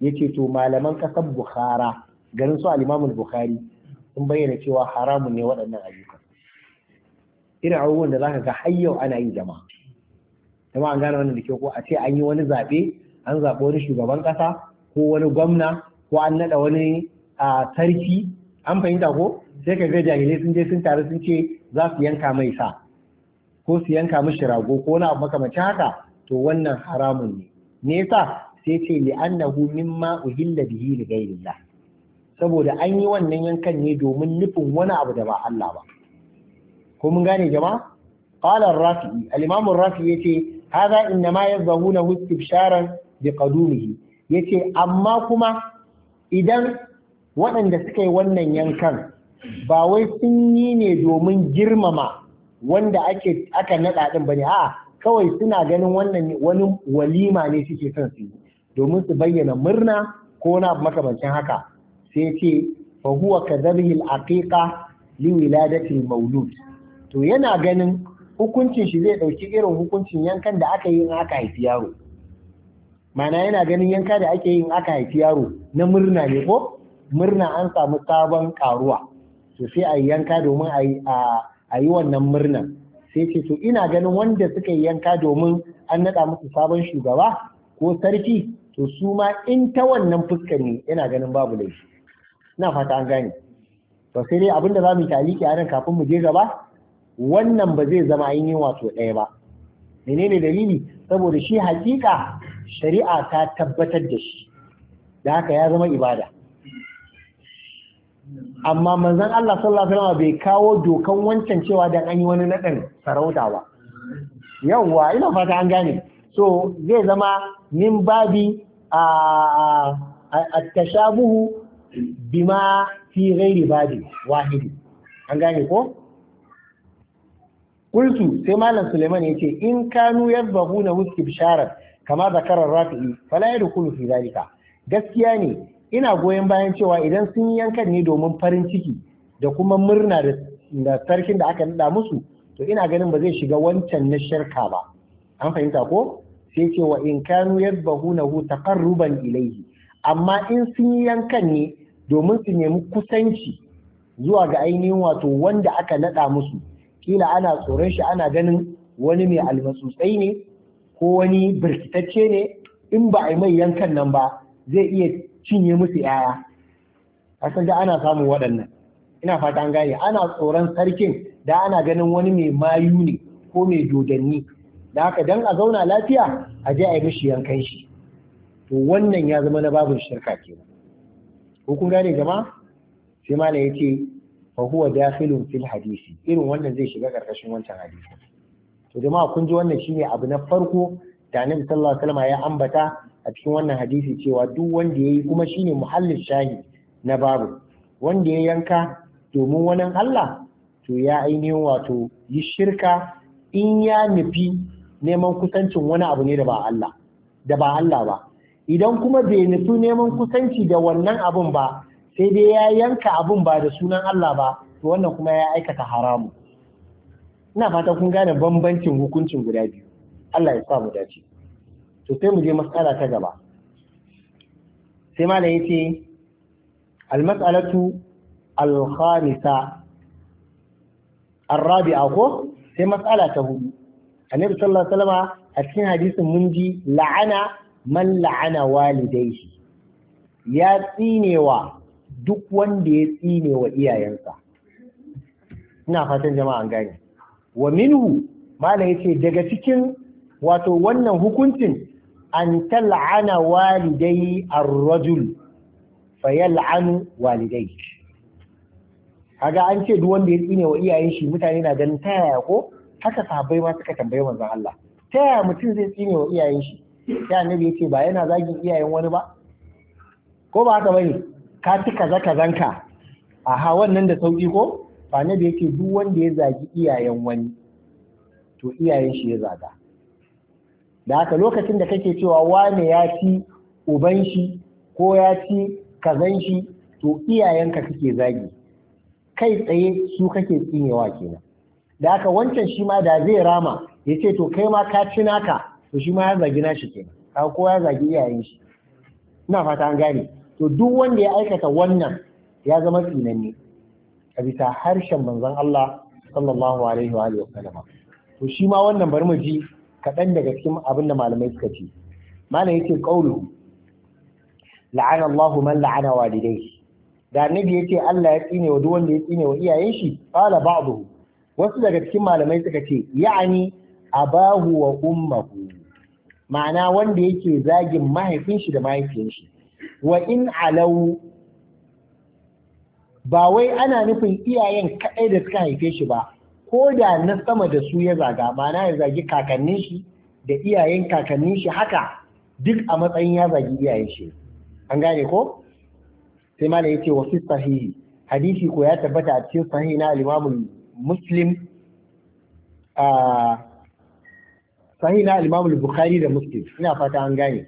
yace to malaman ƙasar bukhara garin su al bukhari sun bayyana cewa haramun ne waɗannan ayyuka irin abubuwan da zaka ga har yau ana yin jama'a kuma an gane wannan da ke ko a ce an yi wani zaɓe an zaɓi wani shugaban ƙasa ko wani gwamna ko an naɗa wani sarki an fahimta ko sai ka ga jahilai sun je sun taru sun ce za su yanka mai sa ko su yanka mishi rago ko wani abu makamancin haka to wannan haramun ne me yasa sai ce annahu mimma uhilla bihi li ghayrillah saboda an yi wannan yankan ne domin nufin wani abu da ba Allah ba ko mun gane jama'a qala ar-rafi al-imam ar-rafi yace hadha innama yadhahuna istibsharan bi qadumihi yace amma kuma idan waɗanda suka yi wannan yankan ba wai sun yi ne domin girmama wanda ake aka naɗa ɗin ba ne a'a kawai suna ganin wannan wani walima ne suke son su yi domin su bayyana murna ko na makamancin haka sai ce fa huwa kadhabhi al-aqiqa li wiladati mawlud to yana ganin hukuncin shi zai ɗauki irin hukuncin yankan da aka yi in aka haifi yaro mana yana ganin yanka da ake yi in aka haifi yaro na murna ne ko murna an samu sabon karuwa to sai a yi yanka domin a yi wannan murnan sai ce to ina ganin wanda suka yi yanka domin an naɗa musu sabon shugaba ko sarki to su ma in ta wannan fuskar ne ina ganin babu laifi Ina fata an gane to sai dai abinda za mu yi taliki a nan kafin mu je gaba wannan ba zai zama yin wato ɗaya ba menene dalili saboda shi hakika shari'a ta tabbatar da shi da haka ya zama ibada amma manzon Allah sallallahu alaihi wasallam bai kawo dokan wancan cewa dan an yi wani naɗin sarauta ba yawwa ina fata an gane so zai zama min babi a tashabuhu bima fi ghairi babi wahidi an gane ko kultu sai malam suleiman ya ce in kanu ya na wuski sharar kama zakarar rafi'i fala yadkhulu fi zalika gaskiya ne ina goyon bayan cewa idan sun yi yankan ne domin farin ciki da kuma murna da sarkin da aka nada musu to ina ganin ba zai shiga wancan na shirka ba an fahimta ko sai ce wa in kanu ya na hu taqarruban ilayhi amma in sun yi yankan ne domin su nemi kusanci zuwa ga ainihin wato wanda aka nada musu kila ana tsoron shi ana ganin wani mai almatsutsai ne ko wani birkitacce ne in ba a yi mai yankan nan ba zai iya cinye musu yaya kasan da ana samun waɗannan ina fata an gane ana tsoron sarkin da ana ganin wani mai mayu ne ko mai dodanni da haka dan a zauna lafiya a je a yi mishi yankan shi to wannan ya zama na babin shirka ba ko kun gane jama'a sai malam yace fa da dakhilun fil hadisi irin wannan zai shiga karkashin wancan hadisi to jama'a kun ji wannan shine abu na farko da Annabi sallallahu alaihi wasallam ya ambata a cikin wannan hadisi cewa duk wanda yayi kuma shine muhallin shahi na babu wanda ya yanka domin wani Allah to ya ainihin wato yi shirka in ya nufi neman kusancin wani abu ne da ba Allah da ba Allah ba idan kuma bai nufi neman kusanci da wannan abun ba sai dai ya yanka abun ba da sunan Allah ba to wannan kuma ya aikata haramu ina fata kun gane bambancin hukuncin guda biyu Allah ya sa mu dace to sai mu je mas'ala ta gaba sai da yace al-mas'alatu al-khamisa ar-rabi'a ko sai mas'ala ta hudu annabi sallallahu alaihi wasallama a cikin hadisin mun ji la'ana man la'ana walidaihi ya tsinewa duk wanda ya tsine wa iyayensa ina fatan jama'a gane wa minhu malam yace daga cikin wato wannan hukuncin an tal'ana walidai ar-rajul fayal'anu walidai kaga an ce duk wanda ya tsine wa iyayen shi mutane na ganin ta yaya ko haka sahabbai ma suka tambaye manzon Allah ta yaya mutum zai tsine wa iyayen shi sai annabi yace ba yana zagin iyayen wani ba ko ba haka bane ka ci kaza kazanka aha wannan da sauki ko ba ne da yake duk wanda ya zagi iyayen wani to iyayen shi ya zaga da haka lokacin da kake cewa wane ya ci uban shi ko ya ci kazan shi to iyayenka kake zagi kai tsaye su kake tsinewa kenan da haka wancan shi ma da zai rama ya ce to kai ma ka ci naka to shi ma ya zagi nashi kenan ka kowa ya zagi iyayen shi ina fata an gane to duk wanda ya aikata wannan ya zama tsinanne a bisa harshen manzon Allah sallallahu alaihi wa alihi wasallam to shi ma wannan bari mu ji kaɗan daga cikin abin da malamai suka ce malam yake qaulu la'ana man la'ana walidayhi da annabi yake Allah ya tsine wa duk wanda ya tsine wa iyayen shi qala ba'dahu wasu daga cikin malamai suka ce ya'ani abahu wa ummahu ma'ana wanda yake zagin mahaifin da mahaifiyan wa in alau ba wai ana nufin iyayen kaɗai da suka haife shi ba ko da na sama da su ya zaga mana ya zagi kakannin shi da iyayen kakannin shi haka duk a matsayin ya zagi iyayen shi an gane ko sai mana ya ce wasu sahihi hadisi ko ya tabbata a cikin sahihi na alimamun muslim ah, sahihi na alimamun bukhari da muslim ina fata an gane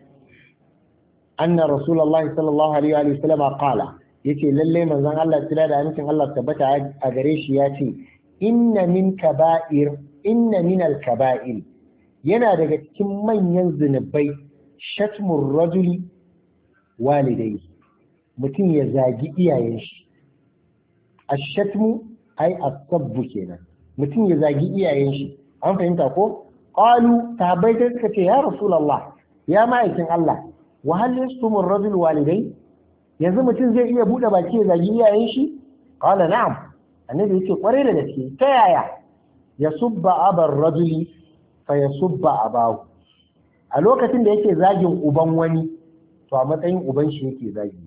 anna rasulullahi sallallahu alaihi wa sallam qala yace lalle manzon Allah tira da amincin Allah tabbata a gare shi ya ce inna min al-kaba'ir yana daga cikin manyan zunubai shatmur rajuli walidai mutum ya zagi iyayen shi ashatmu ai asabbu kenan mutum ya zagi iyayen shi an fahimta ko qalu ta da suka ce ya rasulullah ya ma'aikin Allah wa hal yastumu ar-rajul walidai yanzu mutum zai iya bude baki ya zagi iyayen shi qala na'am annabi yake kwarai da gaske ta yaya yasubba abar rajuli fa yasubba abahu a lokacin da yake zagin uban wani to a matsayin uban shi yake zagi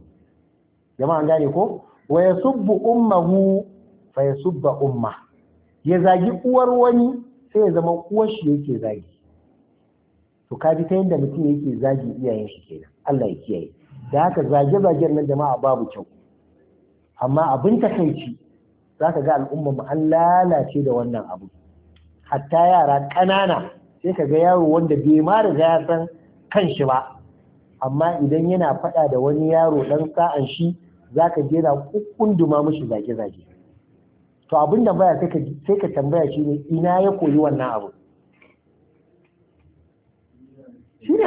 jama'a gane ko wa yasubbu ummahu fa yasubba umma ya zagi uwar wani sai ya zama uwar shi yake zagi to ka bi ta yadda mutum yake zagi iyayen shi kenan Allah ya kiyaye da haka zage zagen nan jama'a babu kyau amma abin ta takaici za ka ga al'umma mu an lalace da wannan abu hatta yara ƙanana sai ka ga yaro wanda bai ma riga ya san kan shi ba amma idan yana faɗa da wani yaro ɗan sa'an shi za ka je na kukkunduma mishi zage-zage to abin da baya sai ka tambaya shi ne ina ya koyi wannan abu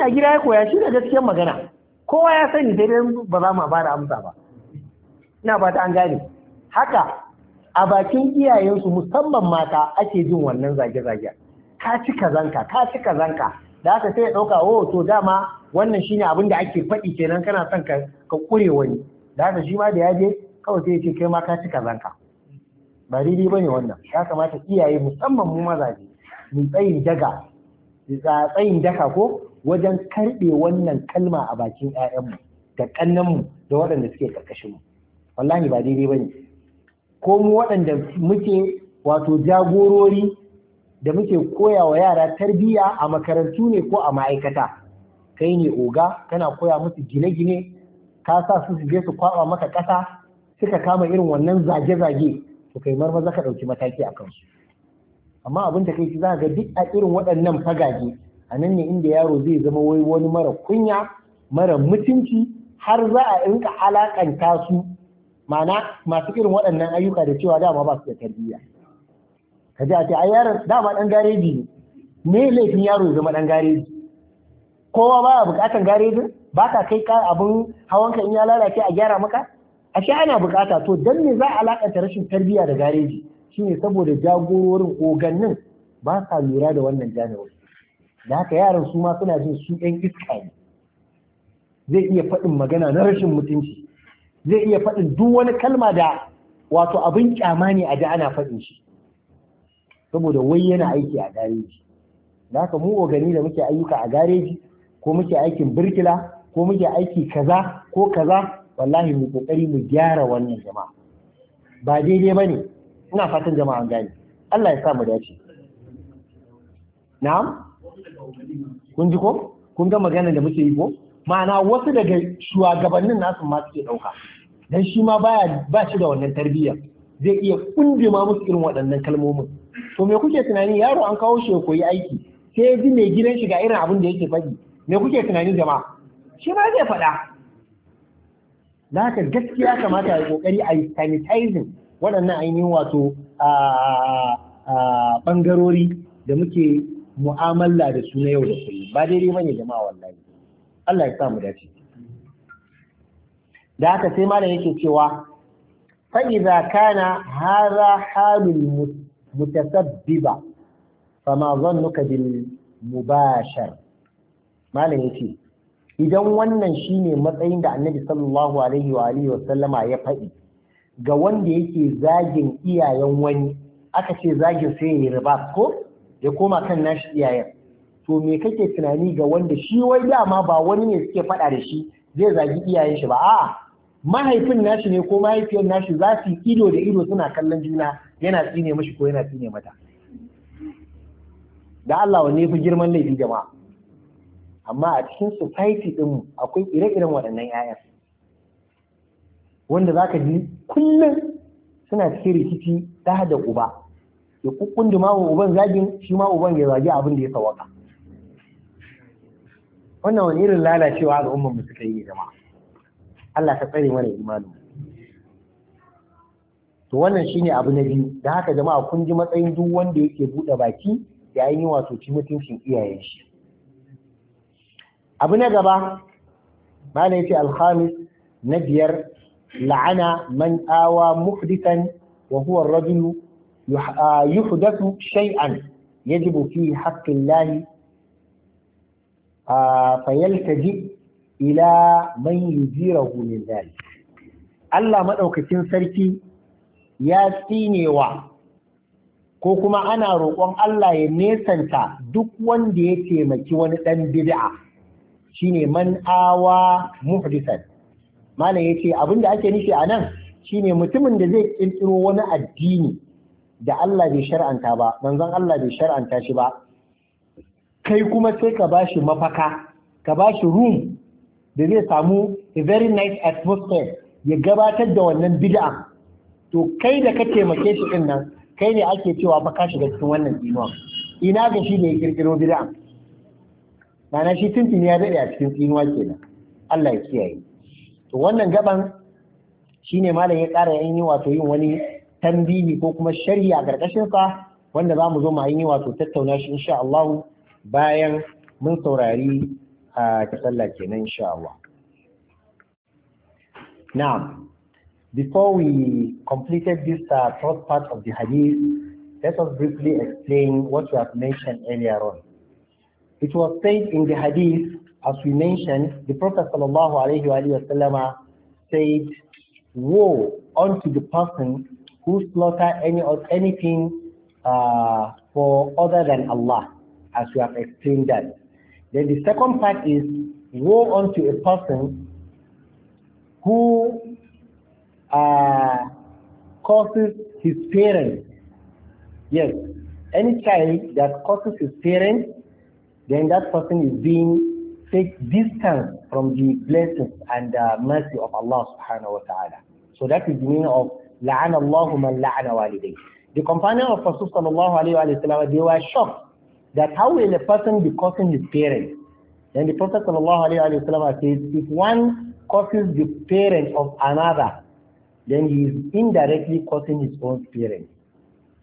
a gida ya koya shi da gaskiyar magana kowa ya sani sai dai ba za mu ba da amsa ba ina fata an gane haka a bakin iyayensu musamman mata ake jin wannan zage zage ka ci kazanka ka ci kazanka da haka sai ya ɗauka oh to dama wannan shine abin da ake faɗi kenan kana son ka ka kure wani da haka shi ma da ya je kawai sai ya ce kai ma ka ci kazanka ba daidai bane wannan ya kamata iyaye musamman mu mazaje mu tsayin daga tsayin daka ko wajen karɓe wannan kalma a bakin 'ya'yanmu da ƙannanmu da waɗanda suke mu. wallahi ba daidai ba ne ko mu waɗanda muke wato jagorori da muke koya wa yara tarbiyya a makarantu ne ko a ma'aikata kai ne oga kana koya musu gine-gine ka sa su su je su kwaba maka ƙasa suka kama irin wannan zage-zage to kai marmaza ka ɗauki mataki a kansu amma abin da kai za ga duk a irin waɗannan fagage a nan ne inda yaro zai zama wai wani mara kunya mara mutunci har za a rinka alakanta su mana masu irin waɗannan ayyuka da cewa dama ba su da tarbiyya ka ji a ce ai yaron dama ɗan gareji ne me laifin yaro ya zama ɗan gareji kowa ba bukatar garejin ba ka kai abin hawanka in ya lalace a gyara maka ashe ana bukata to dan ne za a alakanta rashin tarbiyya da gareji shine saboda jagororin ogannin ba sa lura da wannan jami'ar da haka yaran su ma suna jin su ɗan iska ne zai iya faɗin magana na rashin mutunci zai iya faɗin duk wani kalma da wato abin kyama ne a da ana faɗin shi saboda wai yana aiki a gareji da haka mu ogani da muke ayyuka a gareji ko muke aikin birkila ko muke aiki kaza ko kaza wallahi mu kokari mu gyara wannan jama'a ba daidai ne, ina fatan jama'a gani Allah ya sa mu dace na'am kun ji ko kun ga magana da muke yi ko ma'ana wasu daga shugabannin nasu ma suke ɗauka dan shi ma baya ba shi da wannan tarbiyya zai iya kundima musu irin waɗannan kalmomin to me kuke tunani yaro an kawo shi ya koyi aiki sai ji mai gidan shi ga irin abin da yake faɗi me kuke tunani jama'a shi ma zai faɗa da haka gaskiya kamata a yi ƙoƙari a yi sanitizing waɗannan ainihin wato ɓangarori da muke mu'amala da su na yau da kullum ba daidai bane jama'a wallahi Allah ya sa mu dace da haka sai malam yake cewa fa idza kana hadha halul mutasabbiba ma zannuka bil mubashar malam yake idan wannan shine matsayin da annabi sallallahu alaihi wa alihi wasallama sallama ya faɗi ga wanda yake zagin iyayen wani aka ce zagin sai ya riba ko ya koma kan nashi iyayen to me kake tunani ga wanda shi wai dama ba wani ne suke faɗa da shi zai zagi iyayen shi ba a'a mahaifin nashi ne ko mahaifiyar nashi za su ido da ido suna kallon juna yana tsine mashi ko yana tsine mata da Allah wanne fi girman laifi jama'a amma a cikin society din akwai ire-iren waɗannan 'ya'yan wanda zaka ji kullum suna cikin rikici da da uba ya kukkunda ma uban zagin shi ma uban ya zagi abin da ya sawaka wannan wani irin lalacewa al'ummar mu suka yi jama'a Allah ta tsare mana imanin to wannan shine abu na biyu da haka jama'a kun ji matsayin duk wanda yake buɗe baki ya yi wato ci mutuncin iyayen shi abu na gaba mana ce alhamis na biyar la'ana man awa wahuwar wa huwa rajulu يحدث شيئا يجب في حق الله فيلتجئ إلى من يجيره من ذلك Allah maɗaukacin sarki ya tsinewa ko kuma ana roƙon Allah ya nesanta duk wanda ya taimaki wani ɗan bid'a shine man awa muhdisan malam ya abin da ake nufi a nan shine mutumin da zai ƙirƙiro wani addini da Allah bai shar'anta ba manzon Allah bai shar'anta shi ba kai kuma sai ka ba shi mafaka ka ba shi rum da zai samu a very nice atmosphere ya gabatar da wannan bid'a to kai da ka taimake shi ɗinnan, nan kai ne ake cewa ba ka shiga cikin wannan tsinuwa ina ga shi ne ya kirkiro bid'a ma'ana shi tuntuni ya daɗe a cikin tsinuwa kenan Allah ya kiyaye to wannan gaban shi ne malam ya ƙara yin wato yin wani ko kuma a ƙarƙashin sa wanda za mu zo mu yi wato tattauna shi insha Allah bayan mun saurari a sallah kenan insha Allah now before we completed this uh, first part of the hadith let us briefly explain what we have mentioned earlier on it was said in the hadith as we mentioned the prophet sallallahu alaihi said woe unto the person who slaughter any or anything uh, for other than Allah, as we have explained that. Then the second part is woe unto a person who uh, causes his parents. Yes, any child that causes his parents, then that person is being take distance from the blessings and uh, mercy of Allah subhanahu wa ta'ala. So that is the meaning of لعن الله من لعن والديه. The companion of Rasul sallallahu alayhi wa they were shocked that how will a person be cursing his parents? Then the Prophet sallallahu alayhi wa says, if one curses the parents of another, then he is indirectly cursing his own parents.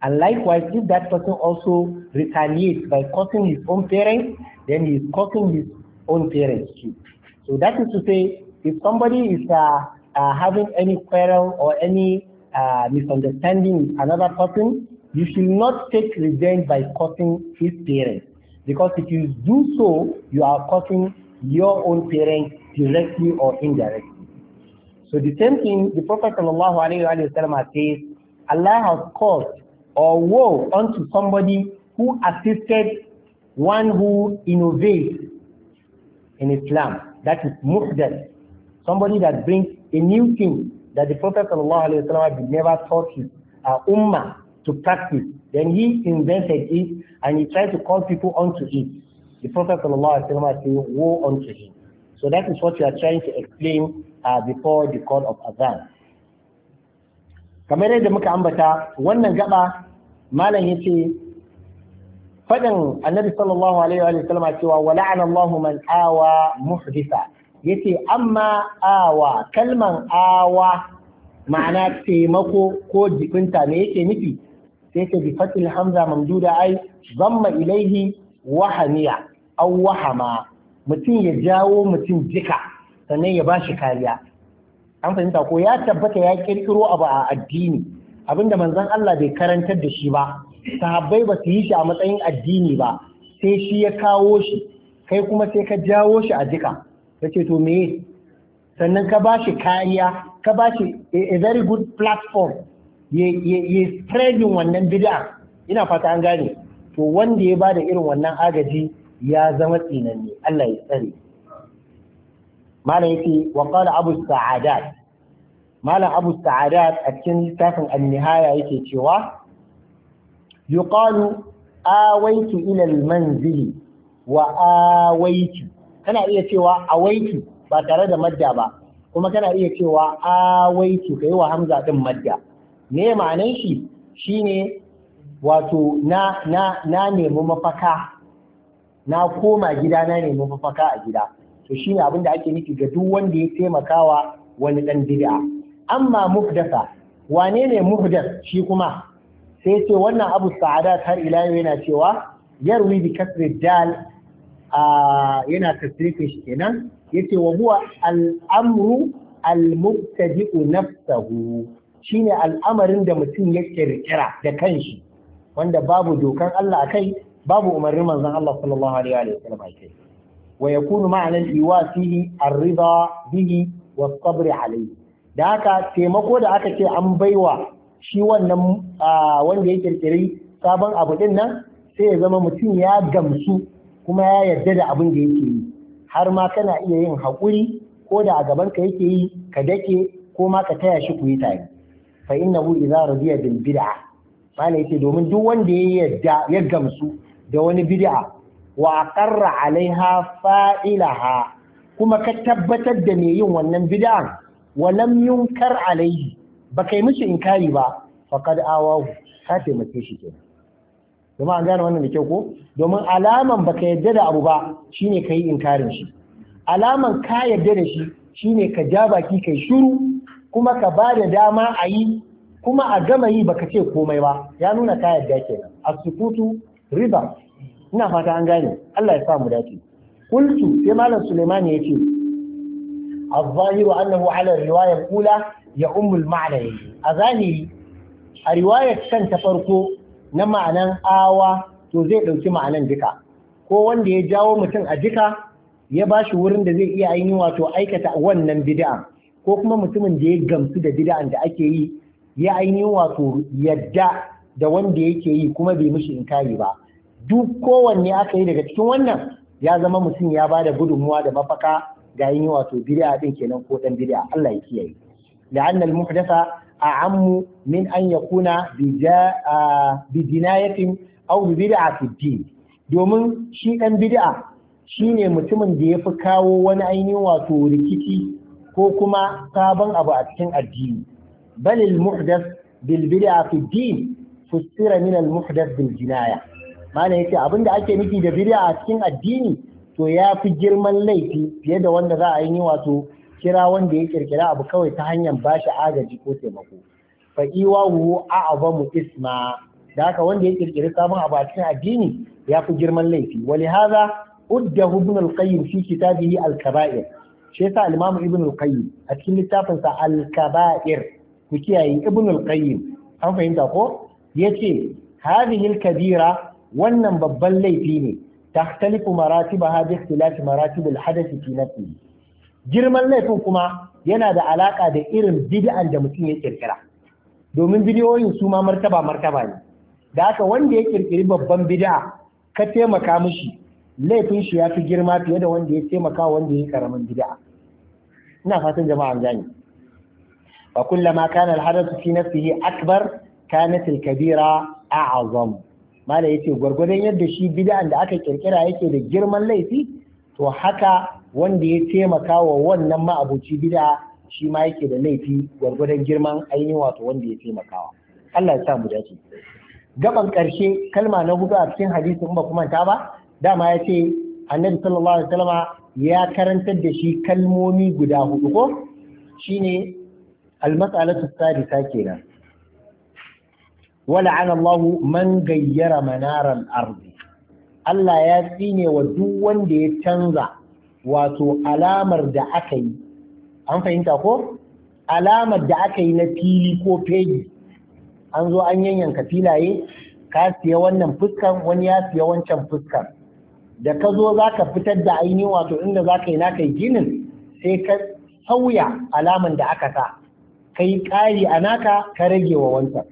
And likewise, if that person also retaliates by cursing his own parents, then he is cursing his own parents too. So that is to say, if somebody is uh, uh, having any quarrel or any uh, misunderstanding another person, you should not take revenge by cursing his parents. Because if you do so, you are cursing your own parents directly or indirectly. So the same thing the Prophet ﷺ says, Allah has caused or woe unto somebody who assisted one who innovates in Islam. That is muhdath, somebody that brings a new thing that the Prophet ﷺ did never taught his uh, ummah to practice. Then he invented it and he tried to call people onto it. The Prophet ﷺ said, woe unto him. So that is what you are trying to explain uh, before the call of Azan. Kamar yadda muka ambata wannan gaba malam yace faɗin annabi sallallahu alaihi wa sallama cewa wala'ana Allahu man awa muhdisa yace amma awa kalman awa ma'ana taimako ko jibinta me yake nufi sai ta bi fatil hamza mamduda ai zamma ilaihi wahaniya aw wahama mutum ya jawo mutum jika sannan ya bashi kariya an fahimta ko ya tabbata ya kirkiro abu a addini abinda manzon Allah bai karantar da shi ba sahabbai ba su yi shi a matsayin addini ba sai shi ya kawo shi kai kuma sai ka jawo shi a jika kace to me sannan ka bashi shi kariya ka bashi shi a very good platform ya spreading wannan bid'a ina fata an gane to wanda ya ba da irin wannan agaji ya zama tsinanne Allah ya tsare malam yake wa qala abu sa'adat malam abu sa'adat a cikin littafin an-nihaya yake cewa yuqalu awaitu ila al-manzili wa awaitu kana iya cewa awaitu ba tare da madda ba kuma kana iya cewa awaitu ka yi wa hamza din madda me ma'anan shi shine wato na na na nemi mafaka na koma gida na nemi mafaka a gida to shine abin da ake nufi ga duk wanda ya taimakawa wani dan bid'a amma muhdasa wane ne muhdas shi kuma sai ce wannan abu sa'adat har ila yana cewa yarwi bi kasri dal yana tasrifin shi kenan ce wa huwa al-amru al-mubtadi'u nafsahu shine al'amarin da mutum ya kirkira da kanshi wanda babu dokan Allah a kai, babu umarnin manzon Allah sallallahu alaihi wa sallam akai wa yakunu ma'ana iwa fihi ar-ridha bihi wa alayhi da haka taimako da aka ce an baiwa shi wannan wanda ya kirkiri sabon abu din nan sai ya zama mutum ya gamsu kuma ya yarda da abin da yake yi har ma kana iya yin haƙuri ko da a gaban ka yake yi ka dake ko ma ka taya shi ku yi tare fa hu idza radiya bil bid'a malai yake domin duk wanda ya yarda ya gamsu da wani bid'a wa aqarra alaiha fa'ilaha kuma ka tabbatar da me yin wannan bid'an wa lam yunkar alaihi ba kai mishi inkari ba faqad awahu ka taimake shi kenan kuma an gane wannan da kyau ko domin alaman baka yadda da abu ba shine kai inkarin shi alaman ka yadda da shi shine ka ja baki kai shiru kuma ka ba da dama a yi kuma a gama yi baka ce komai ba ya nuna ka yadda kenan A sukutu riba ina fata an gane Allah ya sa mu dace kultu sai malam Sulaiman ya ce الظاهر أنه على الرواية kula ya ummul a zahiri a riwayar kan ta farko na ma'anan awa to zai ɗauki ma'anan duka ko wanda ya jawo mutum a jika ya ba shi wurin da zai iya ainihin wato aikata wannan bid'a ko kuma mutumin da ya gamsu da bid'an da ake yi ya ainihin wato yadda da wanda yake yi kuma bai mishi inkari ba duk kowanne aka yi daga cikin wannan ya zama mutum ya ba da gudunmuwa da mafaka ga ainihin wato bid'a din kenan ko ɗan bid'a Allah ya kiyaye la'annal dasa. a'ammu min an yakuna bi jinayatin aw bi bid'a fi domin shi ɗan bid'a shine mutumin da ya fi kawo wani ainihin wato rikici ko kuma sabon abu a cikin addini balil muhdath bil bid'a fi din fustira min al muhdath bil jinaya malam yace da ake nufi da bid'a a cikin addini to ya fi girman laifi fiye da wanda za a yi wato kira wanda ya kirkira abu kawai ta hanyar ba shi agaji ko taimako fa a'a a'zamu isma da haka wanda ya kirkiri sabon abu a cikin addini ya fi girman laifi wali haza? uddahu ibn al-qayyim fi kitabihi al-kaba'ir shi yasa al-imam ibn al-qayyim a cikin littafin sa al-kaba'ir ku kiyaye ibn al-qayyim an fahimta ko yace hadhihi al-kabira wannan babban laifi ne tahtalifu maratibaha bi ikhtilafi maratib hadath fi nafsihi girman laifin kuma yana da alaka da irin bid'an da mutum ya kirkira domin bidiyoyin su ma martaba martaba ne da aka wanda ya kirkiri babban bid'a ka taimaka mishi laifin shi ya fi girma fiye da wanda ya taimaka wanda ya karamin bid'a ina fatan jama'a an gani wa kullama kana alhadathu fi nafsihi akbar kanat alkabira kabira a'zam mala yace gwargwadon yadda shi bid'an da aka kirkira yake da girman laifi to haka wanda ya taimaka wa wannan ma'abuci bid'a shi ma yake da laifi gwargwadon girman ainihin wato wanda ya taimakawa Allah ya sa mu dace gaban ƙarshe kalma na hudu a cikin hadisin ba kuma ta ba dama ya ce annabi sallallahu alaihi wasallam ya karantar da shi kalmomi guda hudu ko shine almas'alatu sadisa kenan wala ana Allah man gayyara manaran Allah ya tsine wa duk wanda ya canza wato alamar da aka yi an fahimta ko alamar da aka yi na fili ko fegi an zo an yanyanka filaye ka siya wannan fuskan wani ya siya wancan fuskan da ka zo za ka fitar da ainihin wato inda za ka yi naka ginin sai ka sauya alamar da aka sa ka yi ƙari a naka ka rage wa wancan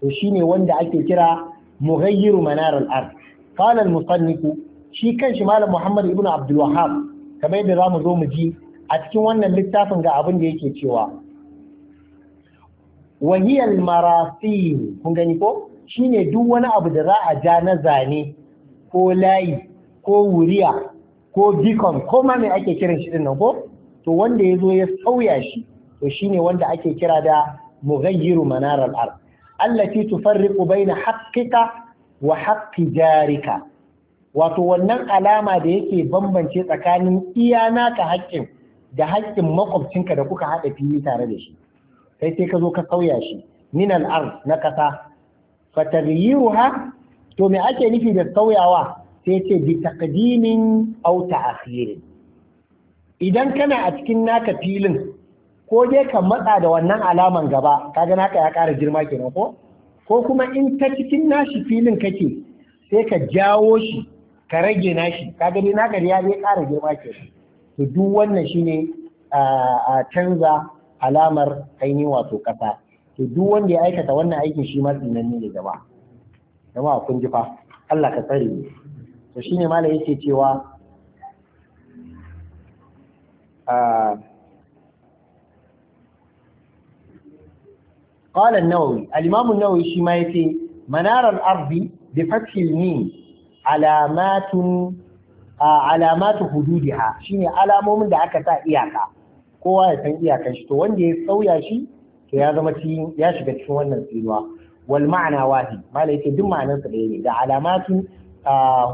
to shine wanda ake kira muhayyiru manar al-ard qala shi kanshi malam Muhammad ibn Abdul Wahhab kamar yadda zamu zo mu ji a cikin wannan littafin ga abin da yake cewa wahiyal marasim kun gani ko shine duk wani abu da za a ja na zane ko layi ko wuriya ko beacon ko ma me ake kiran shi dinnan ko to wanda ya zo ya sauya shi to shine wanda ake kira da mughayyiru manar al-ard allati tufarriqu baina haqqika wa haqqi jarika wato wannan alama da yake bambance tsakanin iya naka haƙƙin da haƙƙin makwabcinka da kuka haɗa fili tare da shi sai sai ka zo ka sauya shi min al na ƙasa, fa tagyiruha to me ake nufi da sauyawa sai ce bi taqdimin aw ta'khir idan kana a cikin naka filin ko dai ka matsa da wannan alaman gaba kaga naka ya ƙara girma kenan ko ko kuma in ta cikin nashi filin kake sai ka jawo shi ka rage nashi ka gani na gari ya zai ƙara girma ke to duk wannan shine a canza alamar ainihin wato ƙasa to duk wanda ya aikata wannan aikin shi ma tsinanni ne gaba gaba kun ji fa Allah ka tsare ni to shine malai yake cewa قال النووي الإمام النووي شما يتي منار الأرض بفتح الميم alamatun alamatu hududiha shine alamomin da aka sa iyaka kowa ya san iyakan shi to wanda ya sauya shi to ya zama cikin ya shiga cikin wannan tsinuwa wal ma'ana wahi mala yake duk ma'anar sa ɗaya ne da alamatun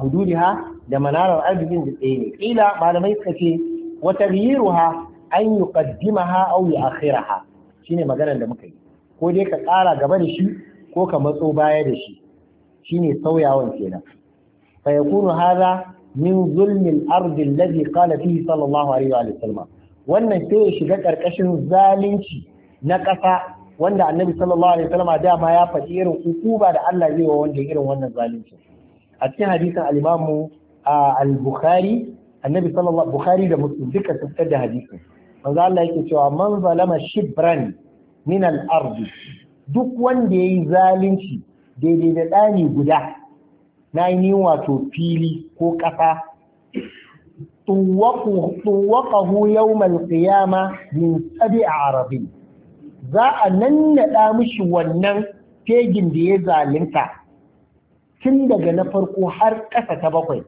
hududiha da manarar arzikin da ɗaya ne kila malamai suka ce wa ha an akhira ha shi shine maganar da muka yi ko dai ka ƙara gaba da shi ko ka matso baya da shi shine sauyawan kenan fa yakunu hadha min zulmin ardi kala qala fihi sallallahu alaihi wa sallam wannan sai ya shiga karkashin zalunci na ƙasa wanda annabi sallallahu alaihi wasallam dama ya faɗi irin ukuba da Allah zai wa wanda irin wannan zalunci a cikin hadisin al-Imam al-Bukhari annabi sallallahu Bukhari da Muslim duka sun fitar da hadisin manzo Allah yake cewa man zalama shibran min al duk wanda yayi zalunci daidai da ɗani guda na yi wato fili ko ƙasa tuwaqahu yawmal qiyama min sabi arabi za a nan naɗa mishi wannan fegin da ya zalunta tun daga na farko har ƙasa ta bakwai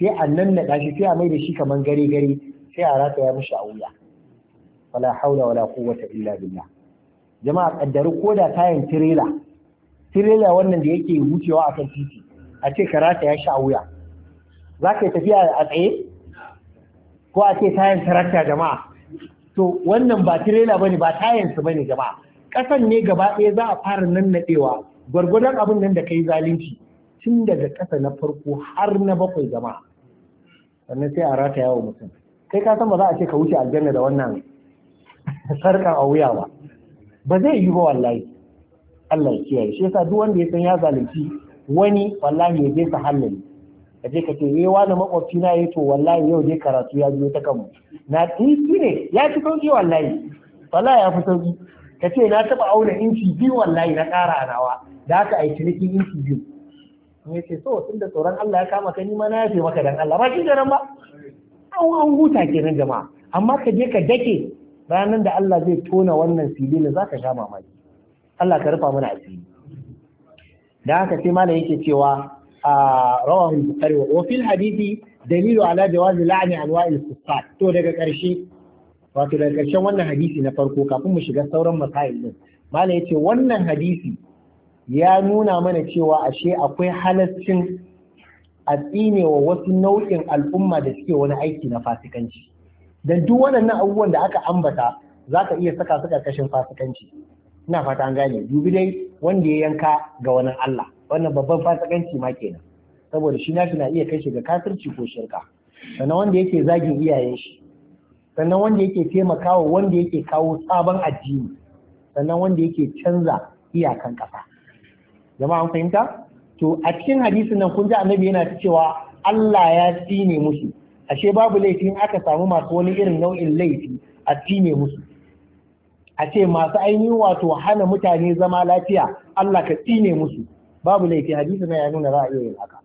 sai a nan naɗa shi sai a mai da shi kamar gare gare sai a rata ya mishi a wuya wala haula wala quwwata illa billah jama'a kaddari ko da tayin tirela tirela wannan da yake wucewa akan titi a ce ka rataya shi a wuya za ka yi tafiya a tsaye ko a ce tayan tarakta jama'a to wannan ba tirela ba ne ba su ba ne jama'a ƙasan ne gaba ɗaya za a fara nan nannaɗewa gwargwadon abin nan da ka yi zalunci tun daga ƙasa na farko har na bakwai jama'a sannan sai a rataya wa mutum kai ka san ba za a ce ka wuce aljanna da wannan sarka a wuya ba ba zai yi ba wallahi Allah ya kiyaye shi yasa duk wanda ya san ya zalunci wani wallahi ya je sa hallali ka je ka ce yi eh, wani makwabci na yato wallahi yau je karatu ya biyo ta kanmu na tiki eh, ne ya fi sauki wallahi wallahi ya fi sauki ka ce na taba auna inci biyu wallahi na ƙara a nawa da ka aiki cinikin inci biyu ya ce so tun da tsoron Allah ya kama ka ni ma na yafe maka dan Allah ba shi da ba an huta kenan jama'a amma ka je ka dake ranar da Allah zai tona wannan filin za ka sha mamaki Allah ka rufa mana asiri da haka sai malam yake cewa rawahu bukhari wa fil hadisi dalilu ala jawazi la'ni anwa'il kuffar to daga karshe wato daga karshen wannan hadisi na farko kafin mu shiga sauran masail din malam yace wannan hadisi ya nuna mana cewa ashe akwai halaccin a wa wasu nau'in al'umma da suke wani aiki na fasikanci dan duk waɗannan abubuwan da aka ambata zaka iya saka su ƙarƙashin fasikanci ina fata an gane dubi dai wanda ya yanka ga wani Allah wannan babban fasikanci ma kenan saboda shi nafi na iya kai shi ga kafirci ko shirka sannan wanda yake zagin iyayen shi sannan wanda yake taimakawa wanda yake kawo sabon addini sannan wanda yake canza iyakan kasa jama'a an fahimta to a cikin hadisin nan kun ji annabi yana cewa Allah ya tsine musu ashe babu laifi in aka samu masu wani irin nau'in laifi a tsine musu a ce masu ainihin wato hana mutane zama lafiya Allah ka tsine musu babu laifi hadisi na ya nuna za a iya yin haka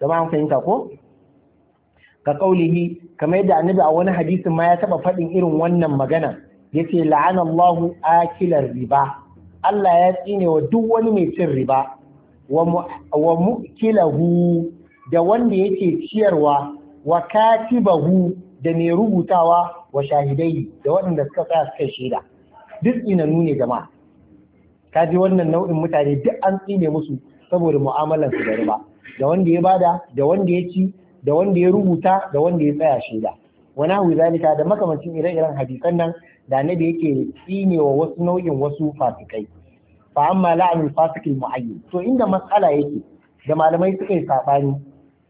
zama an fahimta ko ka kaulihi kamar yadda annabi a wani hadisin ma ya taba faɗin irin wannan magana yace la'anallahu akilar riba Allah ya tsine wa duk wani mai cin riba wa mu'kilahu da wanda yake ciyarwa wa katibahu da mai rubutawa wa shahidai da waɗanda suka tsaya suka shaida duk ina nune jama'a ka ji wannan nau'in mutane duk an tsine musu saboda mu'amalar su da riba da wanda ya bada da wanda ya ci da wanda ya rubuta da wanda ya tsaya shaida wani hau zalika da makamancin ire-iren hadisan nan da da yake tsinewa wasu nau'in wasu fasikai fa amma la'anul fasikil mu'ayyin to inda matsala yake da malamai suka yi sabani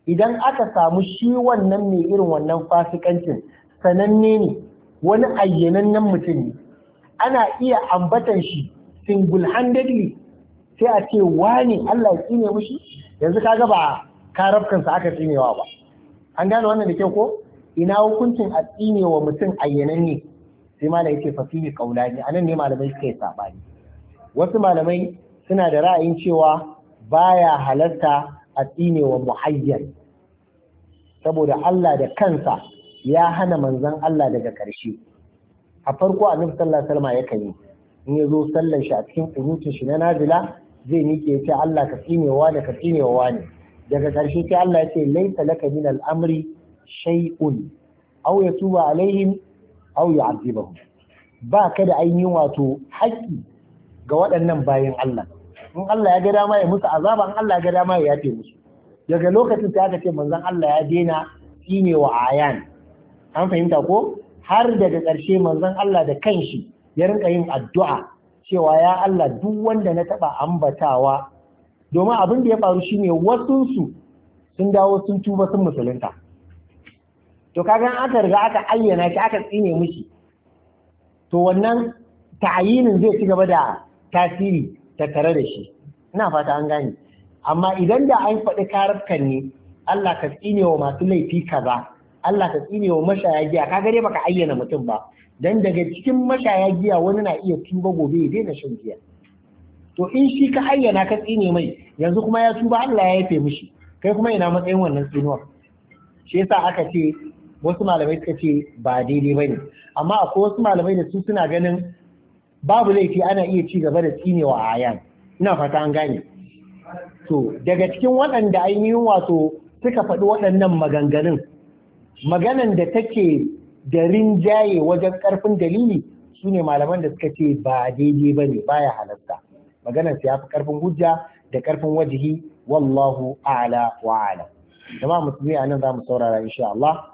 idan aka samu shi wannan mai irin wannan fasikancin sananne ne wani ayyanannen mutum ne ana iya ambatan shi single handedly sai a ce wani Allah ya tsine mushi yanzu kaga ba karafkansa aka tsinewa ba an gane wannan da kyau ko ina hukuncin a tsinewa mutum ne sai malai yake fa fihi qaulani anan ne malamai suka yi sabani wasu malamai suna da ra'ayin cewa baya halarta a tsinewa muhayyan saboda Allah da kansa ya hana manzon Allah daga ƙarshe a farko annabi sallallahu alaihi wasallam yakan yi in ya zo sallar shi a cikin kunutun shi na nazila zai miƙe ya ce Allah ka tsinewa da ka ne daga ƙarshe sai Allah ya ce laita laka min al'amri shay'un aw yatuba alaihim aw yu'adhibahum ba ka da ainihin wato haƙƙi ga waɗannan bayan Allah in Allah ya ga dama ya musu azaba in Allah ya ga dama ya yafe musu daga lokacin sai aka ce manzon Allah ya daina tsinewa ayan an fahimta ko har daga ƙarshe manzon Allah da kanshi ya rinka yin addu'a cewa ya Allah duk wanda na taɓa ambatawa domin abin da ya faru shine wasunsu sun dawo sun tuba sun musulunta to kaga aka riga aka ayyana shi aka tsine mishi to wannan ta'ayinin zai ci gaba da tasiri tattare da shi ina fata an gane amma idan da an faɗi karafkan ne Allah ka tsine wa masu laifi kaza Allah ka tsine wa mashaya giya ka gare baka ayyana mutum ba dan daga cikin mashaya giya wani na iya tuba gobe ya daina shan giya to in shi ka ayyana ka tsine mai yanzu kuma ya tuba Allah ya yafe mishi kai kuma ina matsayin wannan tsinuwar shi yasa aka ce wasu malamai suka ce ba daidai bane amma akwai wasu malamai da su suna ganin babu laifi ana iya ci gaba da tsinewa a ayan ina fata an gane to daga cikin waɗanda ainihin wato suka faɗi waɗannan maganganun maganan da take da rinjaye wajen ƙarfin dalili su ne malaman da suka ce ba daidai ba ne baya halarta maganar ya fi ƙarfin hujja da karfin wajihi wallahu a'la wa a'la jama'a musulmi a nan za mu saurara insha Allah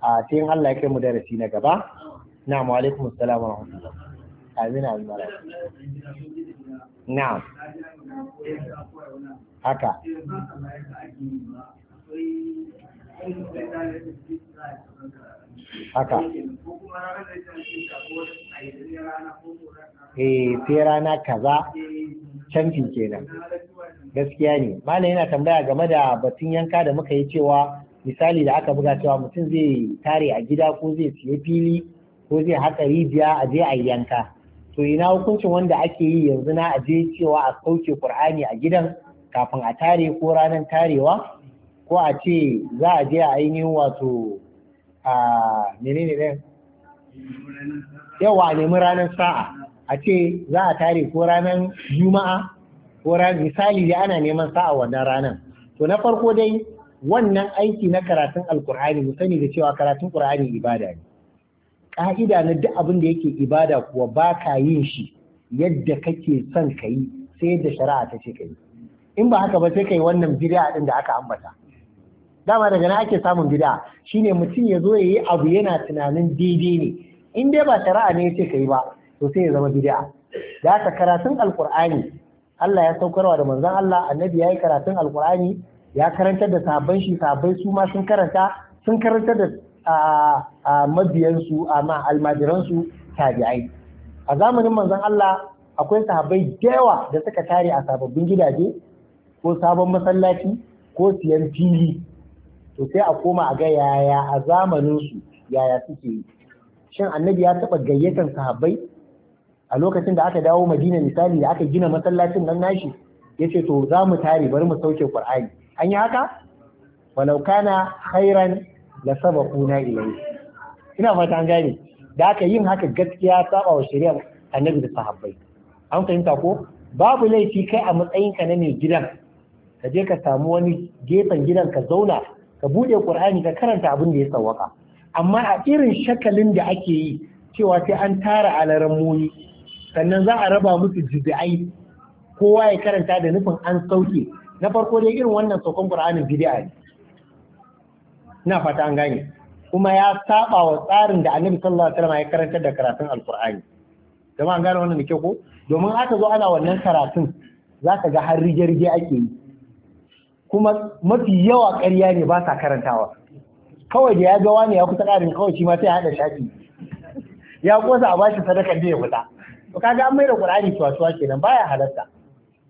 a cikin Allah ya kai mu darasi na gaba na'am wa alaikum assalam wa rahmatullah amin amin na'am haka haka eh sai rana kaza canfi kenan gaskiya ne malam yana tambaya game da batun yanka da muka yi cewa misali da aka buga cewa mutum zai tare a gida ko zai siya fili ko zai haka rijiya a je a yanka to ina hukuncin wanda ake yi yanzu na aje cewa a sauke qur'ani a gidan kafin a tare ko ranar tarewa ko a ce za a je a ainihin wato a menene ɗin yawa a nemi ranar sa'a a ce za a tare ko ranar juma'a ko ranar misali da ana neman sa'a wannan ranar to na farko dai wannan aiki na karatun alkur'ani mu sani da cewa karatun qur'ani ibada ne ka'ida na duk abin da yake ibada kuwa ba ka yin shi yadda kake son ka yi sai yadda shari'a ta ce ka yi in ba haka ba sai ka yi wannan bid'a din da aka ambata dama daga na ake samun bid'a shine mutum ya zo ya yi abu yana tunanin daidai ne in dai ba shari'a ne yace kai ba to sai ya zama bid'a da ka karatun alqur'ani Allah ya saukarwa da manzon Allah annabi ya yi karatun alqur'ani ya karantar da sahabban shi sahabbai su ma sun karanta sun karantar da a mabiyansu amma almajiransu tabi'ai a zamanin manzon Allah akwai sahabbai da yawa da suka tare a sababbin gidaje ko sabon masallaci ko siyan fili to sai a koma a ga yaya a zamanin su yaya suke yi shin annabi ya taba gayyatan sahabbai a lokacin da aka dawo madina misali da aka gina masallacin nan nashi yace to za mu tare bari mu sauke qur'ani an yi haka walau kana khairan la sabaquna ilayhi ina fata an gane da aka yin haka gaskiya saba wa shari'ar annabi da sahabbai an fahimta ko babu laifi kai a matsayinka na mai gidan ka je ka samu wani gefen gidan ka zauna ka buɗe ƙur'ani ka karanta abin da ya sawwaka amma a irin shakalin da ake yi cewa sai an tara alaran moyi sannan za a raba musu jibi'ai kowa ya karanta da nufin an sauke na farko dai irin wannan saukan ƙur'anin bid'a ne na fata an gane kuma ya saba wa tsarin da annabi sallallahu alaihi wasallam ya karanta da karatun alqur'ani jama'a an gane wannan da kyau ko domin aka zo ana wannan karatun zaka ga har rige-rige ake yi kuma mafi yawa ƙarya ne ba sa karantawa kawai da ya ga wani ya kusa ƙarin kawai shi ma sai ya haɗa shafi ya kosa a bashi sadakar da ya fita to kaga an maida qur'ani tuwa-tuwa kenan baya halarta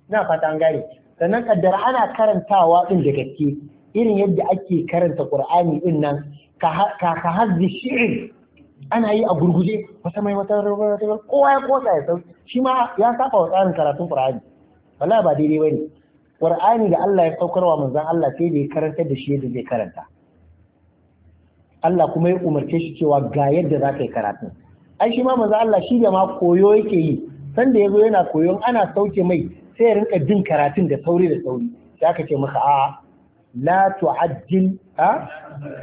ina fata an gane sannan kaddara ana karantawa din da gaske irin yadda ake karanta qur'ani din nan ka ka hazzi shi'ir ana yi a gurguje wata mai wata kowa ya kosa ya sauki shi ma ya saba wa tsarin karatun qur'ani wallahi ba daidai bane Qur'ani da Allah ya saukar wa manzan Allah sai da ya karanta da shi yadda zai karanta Allah kuma ya umarce shi cewa ga yadda za ka yi karatu ai shi ma manzan Allah shi da ma koyo yake yi sanda ya zo yana koyon ana sauke mai sai ya rinka jin karatun da sauri da sauri sai aka ce masa a'a la tu'ajjil a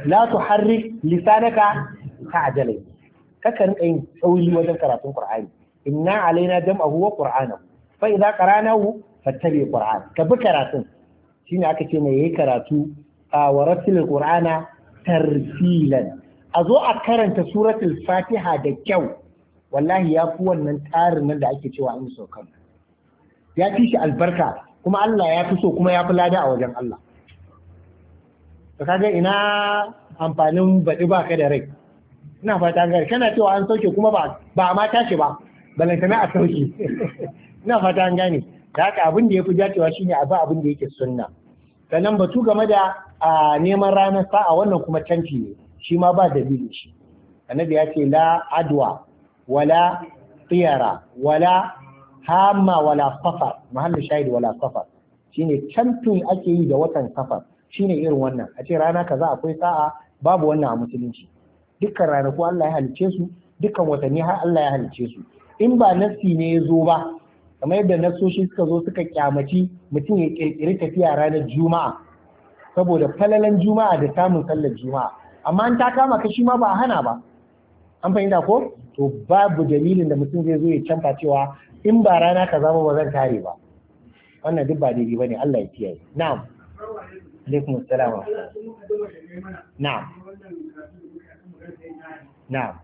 la tuharrik lisanaka kaka rinka yin sauri wajen karatun Qur'ani inna alaina jam'ahu wa qur'anahu fa idza qara'nahu fattabe qur'an ka bi karatun shine aka ce mai yayi karatu a waratil qur'ana tarfilan a zo a karanta suratul fatiha da kyau wallahi ya fi wannan tarin nan da ake cewa an kan ya fi shi albarka kuma Allah ya fi so kuma ya fi lada a wajen Allah to kaga ina amfanin baɗi ba ka da rai ina fata gari kana cewa an sauke kuma ba ba ma tashi ba balantana a sauke ina fata an gane da haka abin da ya fi dacewa shine a ba abin da yake sunna sannan batu game da neman ranar sa'a wannan kuma canci ne shi ma ba dalili shi annabi ya ce la adwa wala tsiyara wala hama wala safar mahallin shahid wala safar shine cantun ake yi da watan safar shine irin wannan a ce rana kaza akwai sa'a babu wannan a musulunci dukkan ranaku Allah ya halicce su dukkan watanni har Allah ya halicce su in ba nassi ne ya zo ba kamar yadda nasoshi suka zo suka kyamaci mutum ya kirkiri tafiya ranar juma'a saboda falalan juma'a da samun sallar juma'a amma an ta kama ka shi ma ba a hana ba an fahimta ko to babu dalilin da mutum zai zo ya canfa cewa in ba rana ka zama ba zan tare ba wannan duk ba daidai bane Allah ya kiyaye na'am alaikum assalam na'am na'am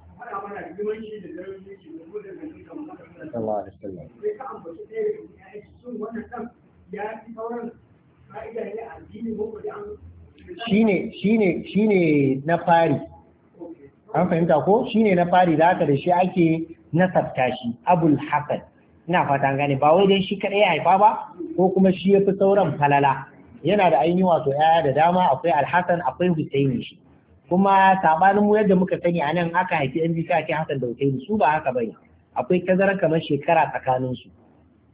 sallallahu alaihi wasallam shine shine shine na fari an fahimta ko shine na fari da haka da shi ake nasabta shi abul ina fatan gane ba wai dan shi kadai ya haifa ba ko kuma shi yafi sauran falala yana da ainihi wato yaya da dama akwai alhassan akwai husaini shi kuma sabanin mu yadda muka sani a nan aka haifi yan bisa ake hassan da husaini su ba haka bane akwai tazara kamar shekara tsakaninsu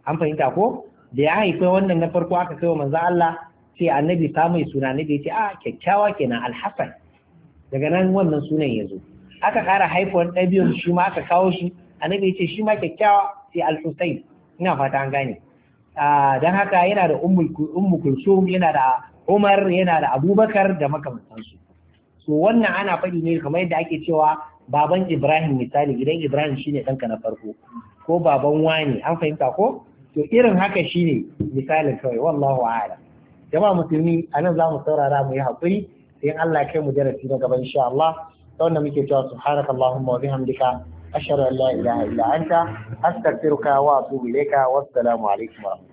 an fahimta ko da ya haifi wannan na farko aka kai wa manzo Allah sai annabi ta mai suna ne da yace a ah, kyakkyawa kenan alhasan daga nan wannan sunan ya aka kara haifuwar ɗabiyun shi ma aka kawo shi annabi yace shi ma kyakkyawa sai alhusain ina fata an gane ah, don haka yana da ummul kulsum yana da umar yana da abubakar da makamantansu so wannan ana faɗi ne kamar yadda ake cewa baban Ibrahim misali gidan Ibrahim shine ɗanka na farko ko baban wani an fahimta ko to irin haka shine misalin kawai wallahu a'lam jama'a musulmi anan zamu saurara mu yi hakuri sai Allah kai mu darasi na gaba insha Allah ta wanda muke cewa subhanakallahumma wa bihamdika ashhadu an la ilaha illa anta astaghfiruka wa atubu ilayka wassalamu alaikum wa